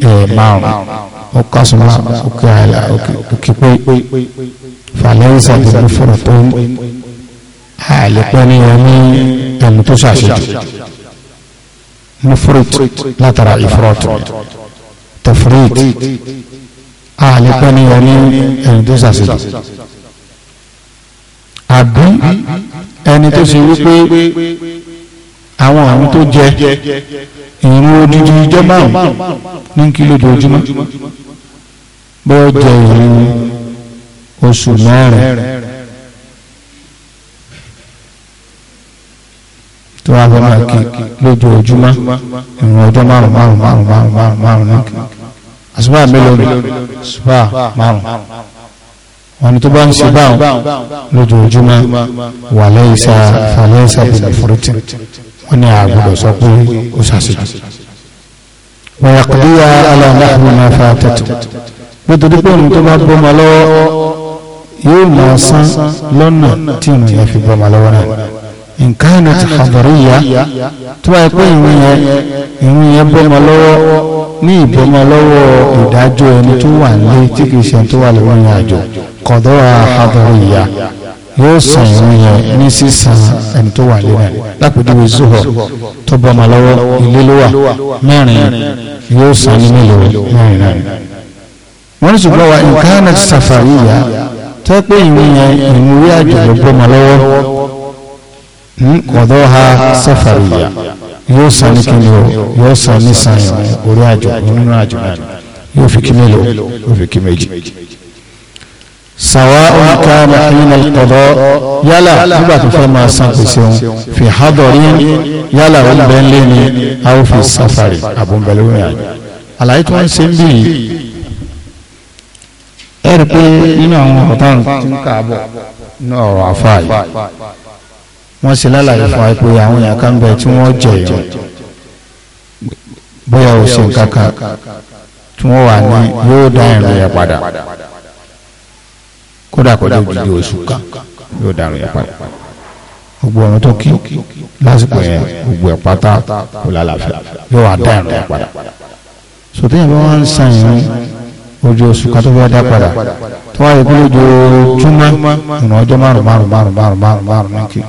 Speaker 1: ẹ̀ẹ̀márùn ó kásùmá òkè àìlà òkè pé
Speaker 2: fàlẹ́ǹsà ti mú fọ̀rọ̀ tó
Speaker 1: àìlẹ́pẹ́ nufurit látara ifrọtu tafurit alẹ́pẹ́ ni wọ́n ní ẹni tó ṣàṣejù àbí ẹni tó ṣe wípé àwọn àwọn tó jẹ ìrún odidi ijọ́ márùn ní kílò ojoojúmọ́ bó jẹ ìrún oṣù mẹ́rin. tó wá lọ máa kí lójoojúmọ́ ìrìn ọjọ́ márùn márùn márùn márùn márùn márùn náà kí àsùbá mélòó ni àsùbá márùn
Speaker 2: wọn ni tó bá ń ṣe báwọn lójoojúmọ́ wà lẹ́yìn sá ìfàlẹ́ sábìlì fúrútì
Speaker 1: wọn ni àgbọ́dọ̀ sọ pé ó ṣàṣejù. wọ́n yà kọ́ yíya aláǹdáhùn náà fà tẹ̀tù nítorí pé òun tó bá bọ́mọ lọ́wọ́ yóò máa san lọ́nà tí òun yẹn fi bọ́mọ lọ́wọ́ náà nǹkan náà ti xadọ̀ríyà tó bá yẹ pé ìwé yẹn ìwé yẹn bọ́mọ lọ́wọ́ ní ìbọ́mọ lọ́wọ́ ìdájọ́ ẹni tó wà lé tí kìí ṣe tó wà lọ́wọ́ ìrìn àjò kọ̀dọ̀ xadọ̀ríyà yóò sàn ìwé yẹn ní sísan ẹni tó wà lé náà lápèjúwe zuhọ tó bọ́mọ lọ́wọ́ ilé ló wà mẹ́rin yóò sàn ní mélòó mẹ́rin náà wọ́n ní ṣùgbọ́n wa nǹkan náà ti sàfàríyà tó yẹ pé ìwé yẹn ìwé àjò ló bọ́mọ lọ́wọ́ kọ̀dọ́ha hmm? safariya yóò san ní kíni o yóò san ní san yẹn orí àjò nínú àjò náà yóò fi kí mélòó yóò fi kí méjì. sàwa òǹkà màhínà kọ̀dọ́ yálà nígbà tó fẹ́ máa san gbèsè òun fi hádọ̀rí yálà ó bẹ́ẹ̀ lé ní àwòfin safari àbúmbẹ̀lẹ́wìn àjò. àlàyé tí wọ́n ń ń bì yìí ẹ̀rí pé nínú àwọn ọ̀tá nǹkan tí ń kà á bọ̀
Speaker 2: náà ọ̀rọ̀ àfáà
Speaker 1: wọ́n ṣe lálàyé fún wa pé àwọn èèyàn kan bẹ tí wọ́n jẹ yọ bóyá ò ṣe nǹkan tí wọ́n wà ní yóò dá ìrìn yẹn padà kódà kọjá òjijì oṣù kan yóò dá ìrìn yẹn padà gbogbo ọ̀run tó kí lásìkò yẹn gbogbo ẹ̀ kò lálàáfíà yóò wá dá ìrìn yẹn padà sòtẹ́yìn bí wọ́n ń sàn yín ojú oṣù kan tó fẹ́ dá padà tó wáyé kúlójoojúmọ́ ìrìn ọjọ́ márùn-ún márùn-ún márùn-ún márùn-ún márùn-ún márùn-ún náà kí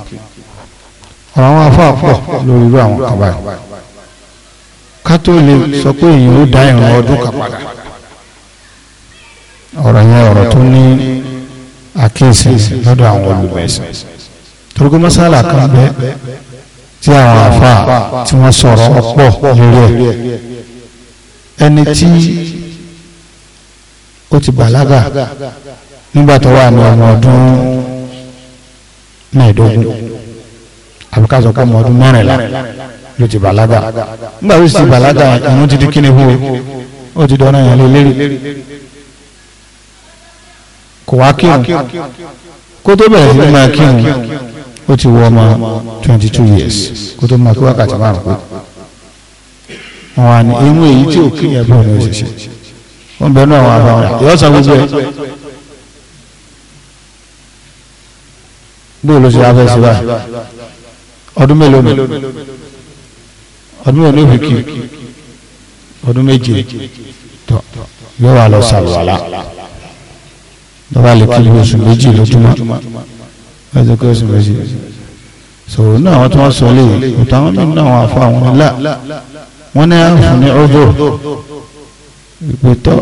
Speaker 1: àwọn afáà pọ̀ lórí irú àwọn kan báyìí ká tó lè sọ pé èyàn ó dá ìrìn ọdún kan padà ọ̀rọ̀ yẹn ọ̀rọ̀ tó ní àkíyèsí lọ́dọ̀ àwọn olùgbẹ̀sìn
Speaker 2: torókó mọ́sálà kan bẹ́
Speaker 1: tí àwọn afáà tí wọ́n sọ̀rọ̀ ọ̀pọ̀ lórí ẹ̀ ẹni tí ó ti bàlágà nígbà tó wà ní ọmọ ọdún mẹ́ẹ̀ẹ́dógún àbí ká sọ pé ọmọ ọdún mẹ́rìnlá ló ti bàlágà nígbà tó sì bàlágà ìrún ti di kíni fún o ó ti dọ́nà yẹn lé lérí kò wá kírun kó tó bẹ̀rẹ̀ sí máa kírun ó ti wọ ọmọ twenty two years kó tó máa kí wákàtí márùn kó wọn à ní irun èyí tí ò kíyàn bọ̀ ní òṣìṣẹ́ wọn bẹ̀rù àwọn àbáwọn yóò san gbogbo ẹ̀. bóòlù ṣe afẹ́ sí ọdún mélòó ni ọdún mélòó ni ó fi kí ọdún méje tọ yóò wá lọ sàlùwàlà lọ́ba lè kí oṣù méjì lójúmọ́ ẹ̀jẹ̀ kí oṣù méjì sọ̀rọ̀ náà àwọn tí wọ́n sọ léyìí òtún àwọn mìíràn àwọn afọ àwọn ńlá wọ́n ní àfún ní ọdún ìpètọ́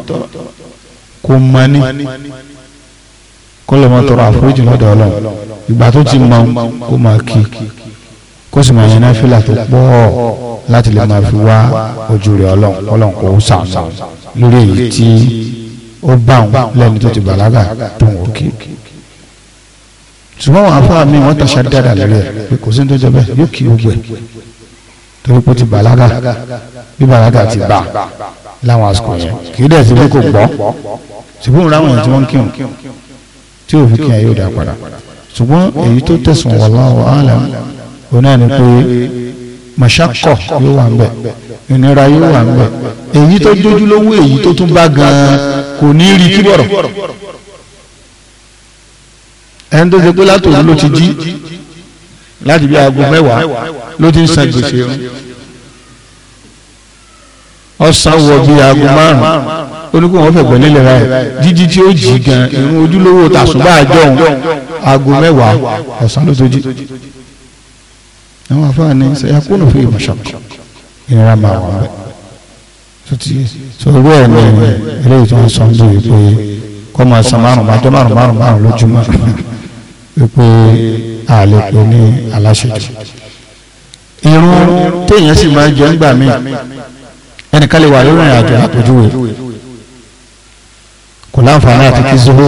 Speaker 1: kò mọ ní
Speaker 2: kó àforíjì lọ́dọ̀ ọlọ́run ìgbà tó ti mọ kó máa kí
Speaker 1: kó sì máa yẹn náà fìlà tó pọ̀ láti lè máa fi wá ojú rẹ̀ ọlọ́run ọlọ́run kò sànù lórí èyí tí ó bá òun lẹ́ni tó ti bàlágà tó ń òkè ṣùgbọ́n àwọn afáà mi wọ́n tàṣà dáadáa lórí ẹ̀ pé kò sí ní tó jẹ bẹ́ẹ̀ yóò kí gbogbo ẹ̀ torí pé ó ti bàlágà bí bàlágà ti bà láwọn àsìkò yẹn kì í dẹ̀ sí pé kò gbọ́ ṣùgbọ́n láwọn èèyàn tí wọ́n ń kírun tí òfin kí ẹ yóò dá padà ṣùgbọ́n èyí tó tẹ̀sán wallahu a'lam òun náà ni pé mọ̀ṣákọ̀ yóò wà ń bẹ̀ ìnira yóò wà ń bẹ̀ èyí tó dójúlówó èyí tó tún bá gan-an kò ní rí kí bọ̀rọ̀ ẹni tó ṣe pé látòun ló ti jí láti bí aago mẹ́wàá ló ti ń san gbèsè rẹ̀
Speaker 2: ọ̀sán wọ bí aago márùn-ún oníkó wọn fẹ̀gbẹ́ nílẹ̀ rẹ̀ jíjí tí ó jì gan irun ojúlówó tàṣùbà àjọ òun aago mẹ́wàá ọ̀sán ló tó jí
Speaker 1: àwọn afáàní sẹyàkúnù fún ìmọ̀ṣàkọ ìnira máa wà bẹ́ẹ̀ so irú ẹ̀ ní eléyìí tí wọ́n sọ ń bò yìí pé kọ́ máa san márùn máa jẹ́ márùn márùn márùn lójúmọ́ wípé àlè pé ní aláṣejù irun téèyàn sì máa jẹ ńgbà míì ẹnìkan lè wà lórí ìrìn àjò àpèjúwe kò láǹfààní àti kí zuhu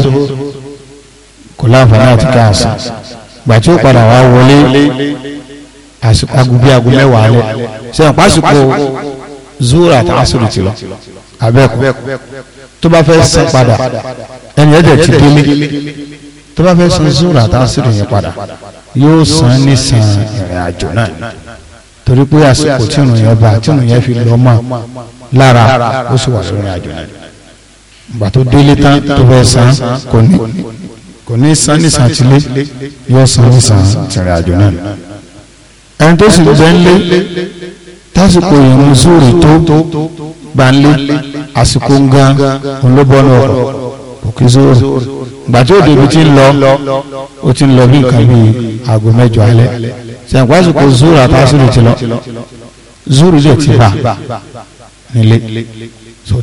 Speaker 1: kò láǹfààní àti káàsì gbàtí ó padà wá wọlé agubi agun mẹ́wàá alẹ́ sẹ́wọ̀n pásìkò zúrà àti asùrù ti lọ abẹ́kù tó bá fẹ́ san padà ẹni ẹ̀dẹ̀ ti délé tó bá fẹ́ san zúrà àti asùrù yẹn padà yóò san ní san ìrìn àjò náà torí pé àsìkò tí òun yẹn bá tí òun yẹn fi lọ mọ́ lára ó sì wà lórí àjò náà ìgbà tó délé tán tó fẹ́ san kò ní kò ní san ní san tilé yóò san ní san tìrìn àjò náà ẹni tó sì bẹ́ ń lé tásìkò ìrún zúrì tó gbà ń lé àsìkò ń gan olóbọ́nù ọ̀rọ̀ òkè zúrì gbà tí ó débi tí ń lọ ó ti ń lọ bí nǹkan bíi aago mẹ́jọ alẹ́ sẹ̀ǹkọ́ zúrì àtàsìrì ti lọ zúrì lè ti bà nílé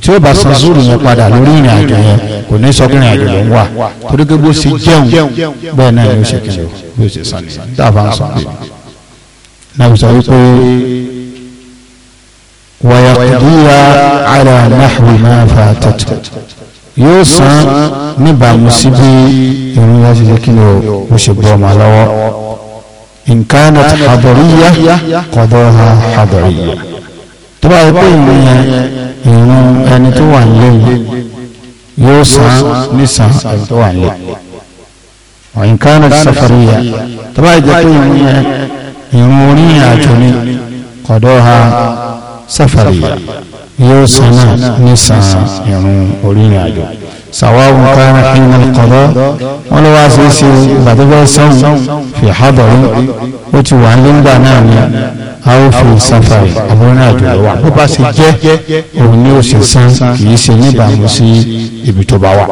Speaker 1: tí o bá san zuru yẹn padà lórí ìrìn àjò yẹn kò ní sọ ìrìn àjò yẹn wà torí pé bó ṣe jẹun bẹ́ẹ̀ náà ni ó ṣe kí ni o bí ó ṣe san ni dábàá ń sọ àbí nàbì sọ wípé wàyàkùdíyà àrà náhùn máa fà tẹ̀tù yóò san níbàámu sí bí ìrún yá ṣe kí ni o ṣe bọ́ ọmọ lọ́wọ́ nǹkan àbọ̀ríyá kọ̀dọ̀ ha àbọ̀ríyá tó bá yẹ pé ìrún ẹni tó wà nílé yóò san ní san ẹni tó wà nílé nǹkan àbọ̀ríyá tó bá yẹ pé ìrún yẹn ìrún orí àjò ni kọ̀dọ̀ ha sáfàrí yóò sánà nísàn ìrún orí àjò sàwáwùn kára ìnà kọ̀dọ̀ wọ́n ló wá sí sí gbàdúgbà sọ́hùn fi hábọ̀rí ó ti wà nígbà náà ni a ó fi sáfàrí àbúrò àjò lọ wà bó bá ṣe jẹ́ òun ni ó ṣe sán kì í ṣe níbàámu sí ibi tó bá wà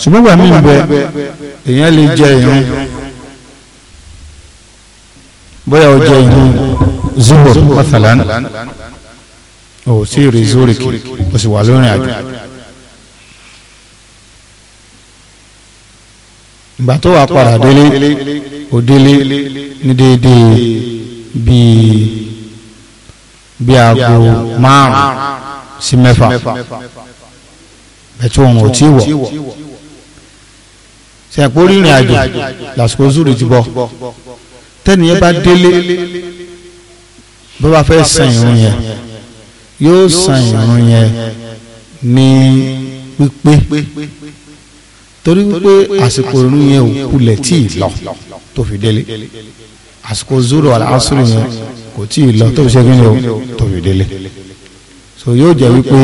Speaker 1: ṣùgbọ́n gbà mí bẹ èèyàn lè jẹ ìrún bóyá ó jẹ́ ìlú zubo mathalan ò sí rí zurich ó sì wà lórin àjò ìgbà tó wà padà délé ó délé ní déédéé bíi bíi aago márùn sí mẹ́fà bẹ̀tú òun ò tí wọ̀ sẹ̀kú rírìn àjò lásìkò zurich bọ̀
Speaker 2: tẹ́nìyẹn bá délé
Speaker 1: bó bá fẹ́ san ìrun yẹn
Speaker 2: yóò san ìrun yẹn ní pípé
Speaker 1: torí wípé àsìkò ìrun yẹn ò kulẹ̀ tí ì lọ tó fi délé àsìkò zoro àlàásùrù yẹn kò tí ì lọ tó fi ṣẹ́gun yẹn tó fi délé so yóò jẹ́ wípé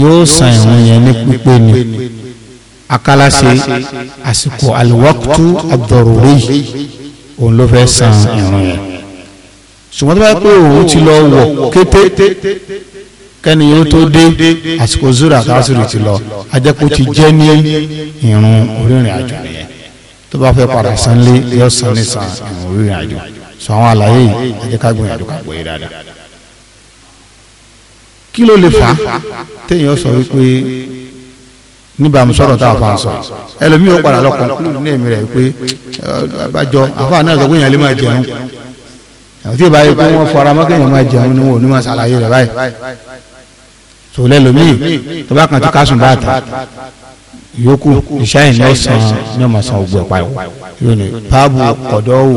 Speaker 1: yóò san ìrun yẹn ní pípé ni akálàṣe àsìkò àlùwọ́kùtù ad-daruri òun ló fẹ́ san ìrun yẹn ṣùgbọ́n tó bá pé òun ti lọ wọ̀ kété kẹ́ni yóò tó dé àsìkò zura kásìrì ti lọ ajẹ́kù ti jẹ́ ní ìrun orírìn àjò yẹn tó bá fẹ́ padà sanlé yóò san ní san ìrun orírìn àjò sọ àwọn àlàyé yìí ajẹ́ ká gbìyànjú ká yìí dáadáa kí ló lè fà á téèyàn sọ wípé níbàámu sọ̀rọ̀ tá a fa sọ ẹlòmíì ó padà lọ kọ̀ǹkúlù ní èmi rẹ̀ pé àbájọ àfáà náà sọ pé èèyàn lè máa jẹun
Speaker 2: àti ìbáyé pé wọ́n fara mọ́ kéèyàn máa jẹun ni wọn ò ní máa ṣàlàyé rẹ̀ báyìí
Speaker 1: tòlẹ́ lòmíì tó bá kàn ti kásùn bá ta yòókù ìṣáyìn ní ọ̀sán ní ọ̀mọ̀sán ògbó ẹ̀pá ìwọ̀ yóò ní páàbù kọ̀dọ́wù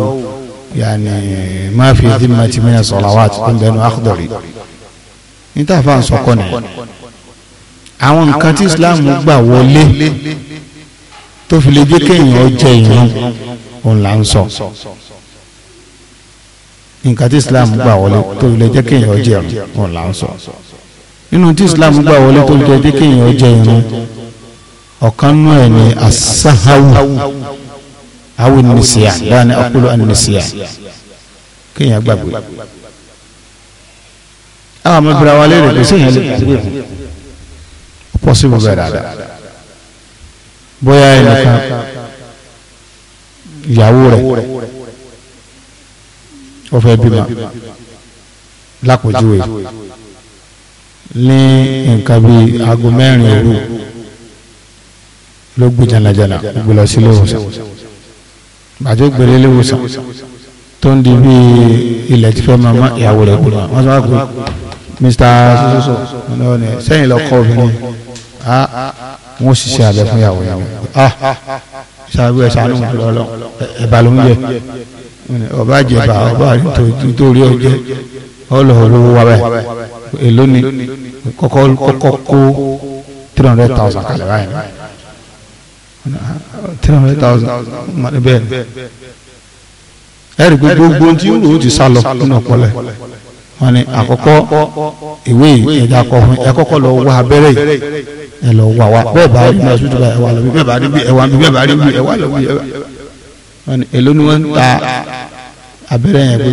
Speaker 1: yàní máa fi dí mẹ́tìmẹ́yà sọ̀làwà àti tó ń àwọn nǹkan tí islam gbà wọlé
Speaker 2: tó fi lè jẹ́ kéèyàn jẹ ìran òun là ń sọ
Speaker 1: nǹkan tí islam gbà wọlé tó fi lè jẹ́ kéèyàn jẹ ìran òun là ń sọ nínú tí islam gbà wọlé tó fi lè jẹ́ kéèyàn jẹ ìran ọ̀kan nú ẹ̀ ní asahawu awu nìsíà dáni akulu nìsíà kéèyàn gbàgbé àwọn ọmọbìnrin wa lè rè pé sèyàn lè gbàgbé fún
Speaker 2: possible bẹ́ẹ̀ dáadáa
Speaker 1: bóyá ẹnìkan ìyàwó rẹ̀ ó fẹ́ bímọ lápòjúwe ní nǹkan bíi aago mẹ́rin òru ló gbé jàǹdàjàǹdà gbé lọ sí iléewòsàn àjọ gbèrè iléewòsàn tó ń di bíi ilẹ̀ tí fẹ́ máa má ìyàwó rẹ̀ kúrò wọ́n sọ wá pé mr sososo sẹ́yìn lọ obìnrin. Ah, wọ́n ṣiṣẹ́ abẹ fún ìyàwó yẹn ah, ṣàbí ẹ ṣàánú lọlọ ẹbà ló ń jẹ ọba jẹba ọba nítorí ọjẹ ọlọ olówó wa bẹ èló ni kọ́kọ́ kọ́kọ́ kó three hundred thousand kalẹ̀
Speaker 2: báyìí three hundred thousand bẹ́ẹ̀ ni
Speaker 1: ẹ̀rí gbogbo tí ó ti sá lọ nínú ọpọlẹ wọn ni àkọ́kọ́ ìwé ìjà kọ ẹ kọ́kọ́ lọ wá abẹ́rẹ́ yìí ẹ lọ wà wá bẹ́ẹ̀ bá rí lọ síbi ẹ wà lọ bẹ́ẹ̀ bá rí bí ẹ wà bí bẹ́ẹ̀ bá rí bí ẹ wà lọ bí ẹ wà ní èló ni wọ́n ń ta abẹ́rẹ́ yẹn pé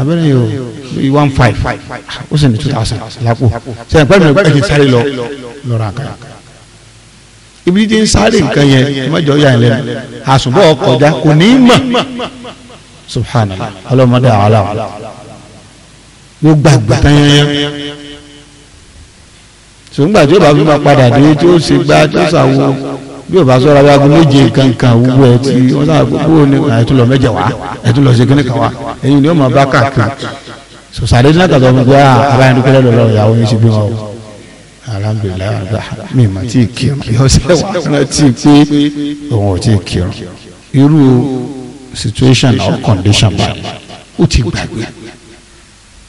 Speaker 1: abẹ́rẹ́ yẹn o one five ah, ó sì ní two thousand lápò sẹ́yìn pẹ́ẹ́mì ẹ̀ ti sáré lọ lọ́ra kan ibi tí ń sáré nǹkan yẹn mọ́jọ́ yà ń lẹ́nu àsùnbọ̀ ọkọjá kò ní í mọ̀ subhanallah ọlọ́mọdé àwàlà yóò gbàgbà yẹn sùgbọ́n tí ó bá fi máa padà dé tí ó ṣe gbá tí ó ṣàwo bí ó bá sọ̀rọ̀ àwọn aago méje kankan wúwo ẹ ti wọ́n sábà gbogbo ní àìtúlọ̀ mẹ́jẹ̀ wá àìtúlọ̀ ṣe kíní kan wá ẹ̀yin ni ó máa bá káàkiri sọ̀sàdé ní àkàtọ̀ ọmọ gbé àbáyé ní pẹ́lẹ́ lọ́lọ́ ìyàwó yín ṣe bí wọn o alhamdulilayi ọ̀gá mi mà tí ì kírun yọ̀ọ́sẹ̀ wà tí ì pé òun ò tí ì kírun irú situation or condition báyìí ó ti gbàgbé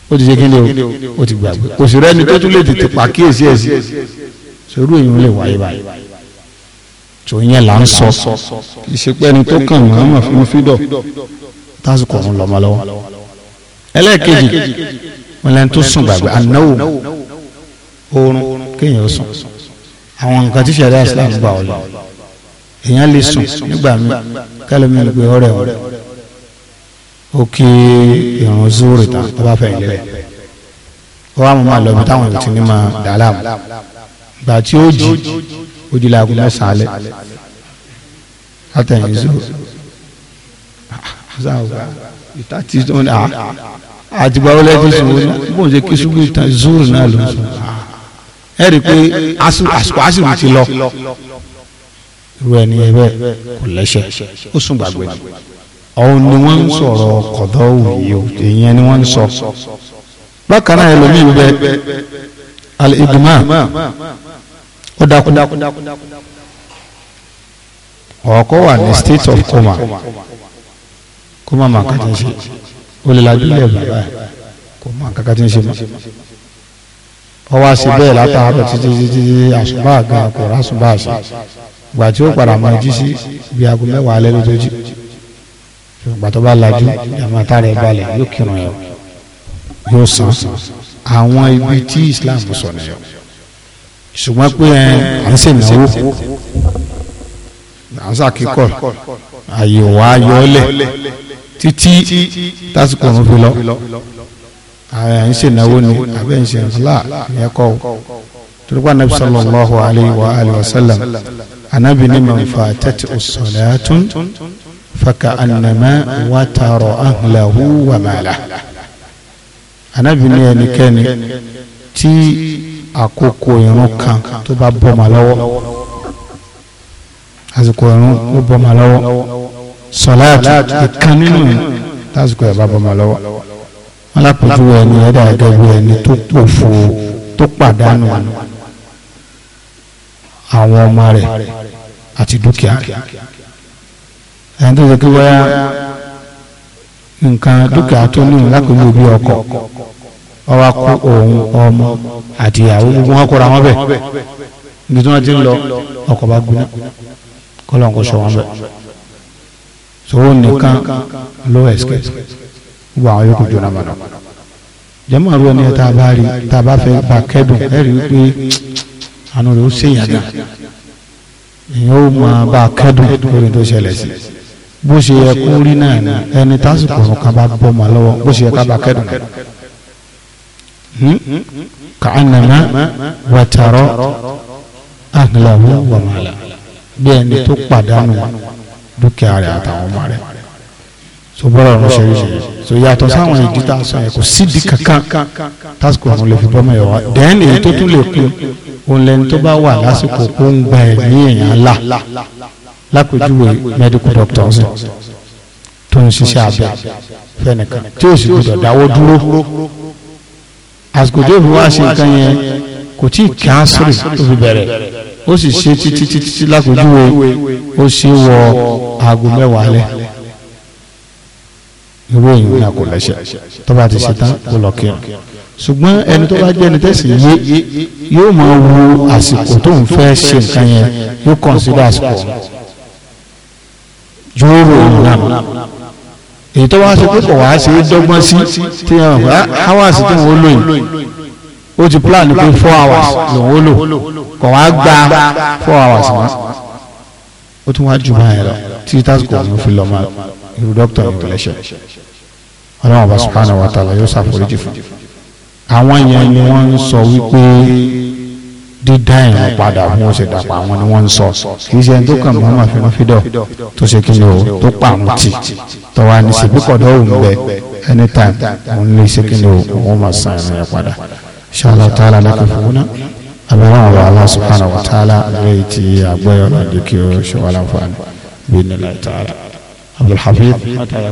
Speaker 1: ó ti ṣe kí ni o ó ti gbàgbé kò sí rẹ́ni tó tún lè tètè pàkíyèsí ẹ̀ sí sórí èyí lè wáyé báyìí tó yẹn là ń sọ ìṣepẹ́ni tó kàn mọ́ọ́mọ́ fún fídọ̀ tásìkò ọ̀hún lọ́mọlọ́wọ́ ẹlẹ́ẹ̀kejì wọn lẹ́ni tó sùn gbàgbé anáwó oorun kéèyàn ó sùn àwọn nǹkan tí sẹ́dá Islam gbà ọ́ lọ èèyàn lè sùn nígbà míì kálọ̀ mi lè gbé ọ̀rẹ́ ọ̀rẹ́ ó kí ìrun zúrì tán tó bá fẹ́ ìlérẹ̀ ó wá mọ̀ máa lọ bí táwọn èèyàn ti ní máa dà á láàmú tí ó jì ó di láago mẹ́sàn-án alẹ́ látẹ̀yìn zúrì
Speaker 2: ìta tí ó ní à àtìgbà wọlé tó sùn wọn bó ń ṣe kí sùn kí tán zúrì náà ló ń sùn
Speaker 1: ẹ rí i pé àsìkò àsìkò ti lọ irú ẹni ẹ bẹ́ẹ̀ kò lẹ́sẹ̀ ó sùn gbàgbé ọ̀hún ni wọ́n ń sọ̀rọ̀ kọ̀dọ̀ òye o èèyàn ni wọ́n ń sọ. bákan náà ẹlòmíín bẹ
Speaker 2: alìdùmá ó dákú
Speaker 1: ọ̀ọ́kọ́ wà ní state of coma coma mà kàtí ń ṣe olùlàjúlẹ̀ bàbá ẹ̀ kò mà kàtí ń ṣe mọ́ ọwọ́ àṣẹ bẹ́ẹ̀ látàárọ̀ títí títí àṣùbà gan kò rásùbà ṣe gbàtí ó padà mọ jí sí bí aago mẹ́wàá alẹ́ lójoojú gbàtọ́ bá lajú àmàtà rẹ̀ balẹ̀ yóò kírun yọ yóò san àwọn ibi tí Islam sọ nìyọ ṣùgbọ́n pé ẹ à ń ṣèlú à
Speaker 2: ń ṣàkíkọ àyè wà á yọ ọ́ lẹ̀ títí tásìkò òun fi lọ
Speaker 1: àyà ń ṣe náwó ni àbẹ́ ń ṣe ńlá ní ẹ̀kọ́ o turuba anabi sallallahu alayhi wa alayhi wa sallam anabi ni man fatati as-salatun faka anama watarọ ahulahu wamala anabini ẹnikẹ́ni tí àkókò irun kan tó bá bọma lọ́wọ́ àsìkò irun ó bọma lọ́wọ́ sọláàtì ìkan nínú yìí lásìkò ẹ̀ bá bọma lọ́wọ́ wọn lápẹjù ẹni ẹ̀dá ẹ̀dá bí ẹni tó pòfo tó pàdánù àwọn ọmọ rẹ̀ àti dúkìá rẹ̀ ẹni tó ṣe pé wáyà nǹkan dúkìá tó ní lápẹ̀lú bí ọkọ̀ ọwọ́ kó òun ọmọ àti ìyàwó gbogbo wọn kóra wọn bẹ̀ ibi tí wọ́n ti ń lọ ọkọ̀ bá gbiná kọ́lọ̀ ń kó sọ wọn bẹ̀ sowó nìkan ló ẹ̀sìkẹ̀ gbogbo àwọn yòókù jóná mọ́nà jẹ́mọ̀ àrùn ẹni tá a bá rí tá a bá fẹ́ bá kẹ́dùn ẹ̀rí wípé àánú rẹ̀ ó ṣèyàn gan èèyàn ó máa bá kẹ́dùn lórí tó ṣẹlẹ̀ sí i bó ṣe yẹ kó rí náà ni ẹni tásìkò ọ̀run kan bá bọ́ ma lọ́wọ́ bó ṣe yẹ ká bá kẹ́dùn hmm? ka'annama wàtàrọ ahlahu wa mala bí ẹni tó pàdánù dúkìá rẹ̀ àtàwọn ọmọ rẹ̀ so bọ́lá ọ̀run ṣe ríṣe so yàtọ̀ sáwọn ìdí tá a sọ yẹn kò sídìí kankan tásìkò ọ̀run lè fi bọ́ mẹ́yọ̀ wá dẹ́n èyí tó tún lè kú òun lẹni tó bá wà lásìkò kó ń gba ẹ̀mí èèyàn ńlá lápèjúwe medical doctors tó ń ṣiṣẹ́ abẹ fẹ́nìkan tí ó sì gbọdọ̀ dáwọ́ dúró àsìkò tó fi wá ṣe nǹkan yẹn kò tí ì kánsìrì tó fi bẹ̀rẹ̀ ó sì ṣe títí títí lápèjúwe ó ṣe wọ aago mẹ́wàá lẹ̀ irú èyí ni a kò lẹ́sẹ̀ tó bá ti ṣe tán kó lọ kírun ṣùgbọ́n ẹni tó bá jẹ́ ẹni tẹ̀sí yé yóò máa wo àsìkò tó ń fẹ́ ṣe nǹkan yẹn yóò kàn sí àsìkò yóò rò òun náà èyí tó wá ṣe pé kò wá ṣe é dọ́gbọ́n sí tí wọ́n fà ah, hours tí wọ́n lò yìí ó ti plan pé four hours lòun ó lò kò wá gba four hours mọ́ ó tún wá jù báyìí lọ tí tásìkò òun fi lọ máa irú dókítà ní ìrẹsẹ̀ ọlọ́run bá subhanahu wa yóò ṣàforíjì fún àwọn yẹn ni wọ́n ń sọ wípé dídá ìrún padà bí wọ́n ṣe dàpọ̀ àwọn ni wọ́n ń sọ kì í ṣe ẹni tó kàn mọ́ máa fi wọ́n fídọ̀ tó ṣe kí ni o tó pààrùn tì tọ́wọ́ ni ṣèbí kọ̀dọ̀ òun bẹ anytime òun lè ṣe kí ni o òun máa san ìrún yẹn padà ṣáàlá tààlà ní kò fún abẹ́rẹ́ àwọn Allah subhanahu wa ta'ala lórí ti àgbẹ̀yọ̀ náà di kí ṣe wà láǹfààní bí nílẹ̀ tààlà Abdul Hafiz mọ́tà yẹ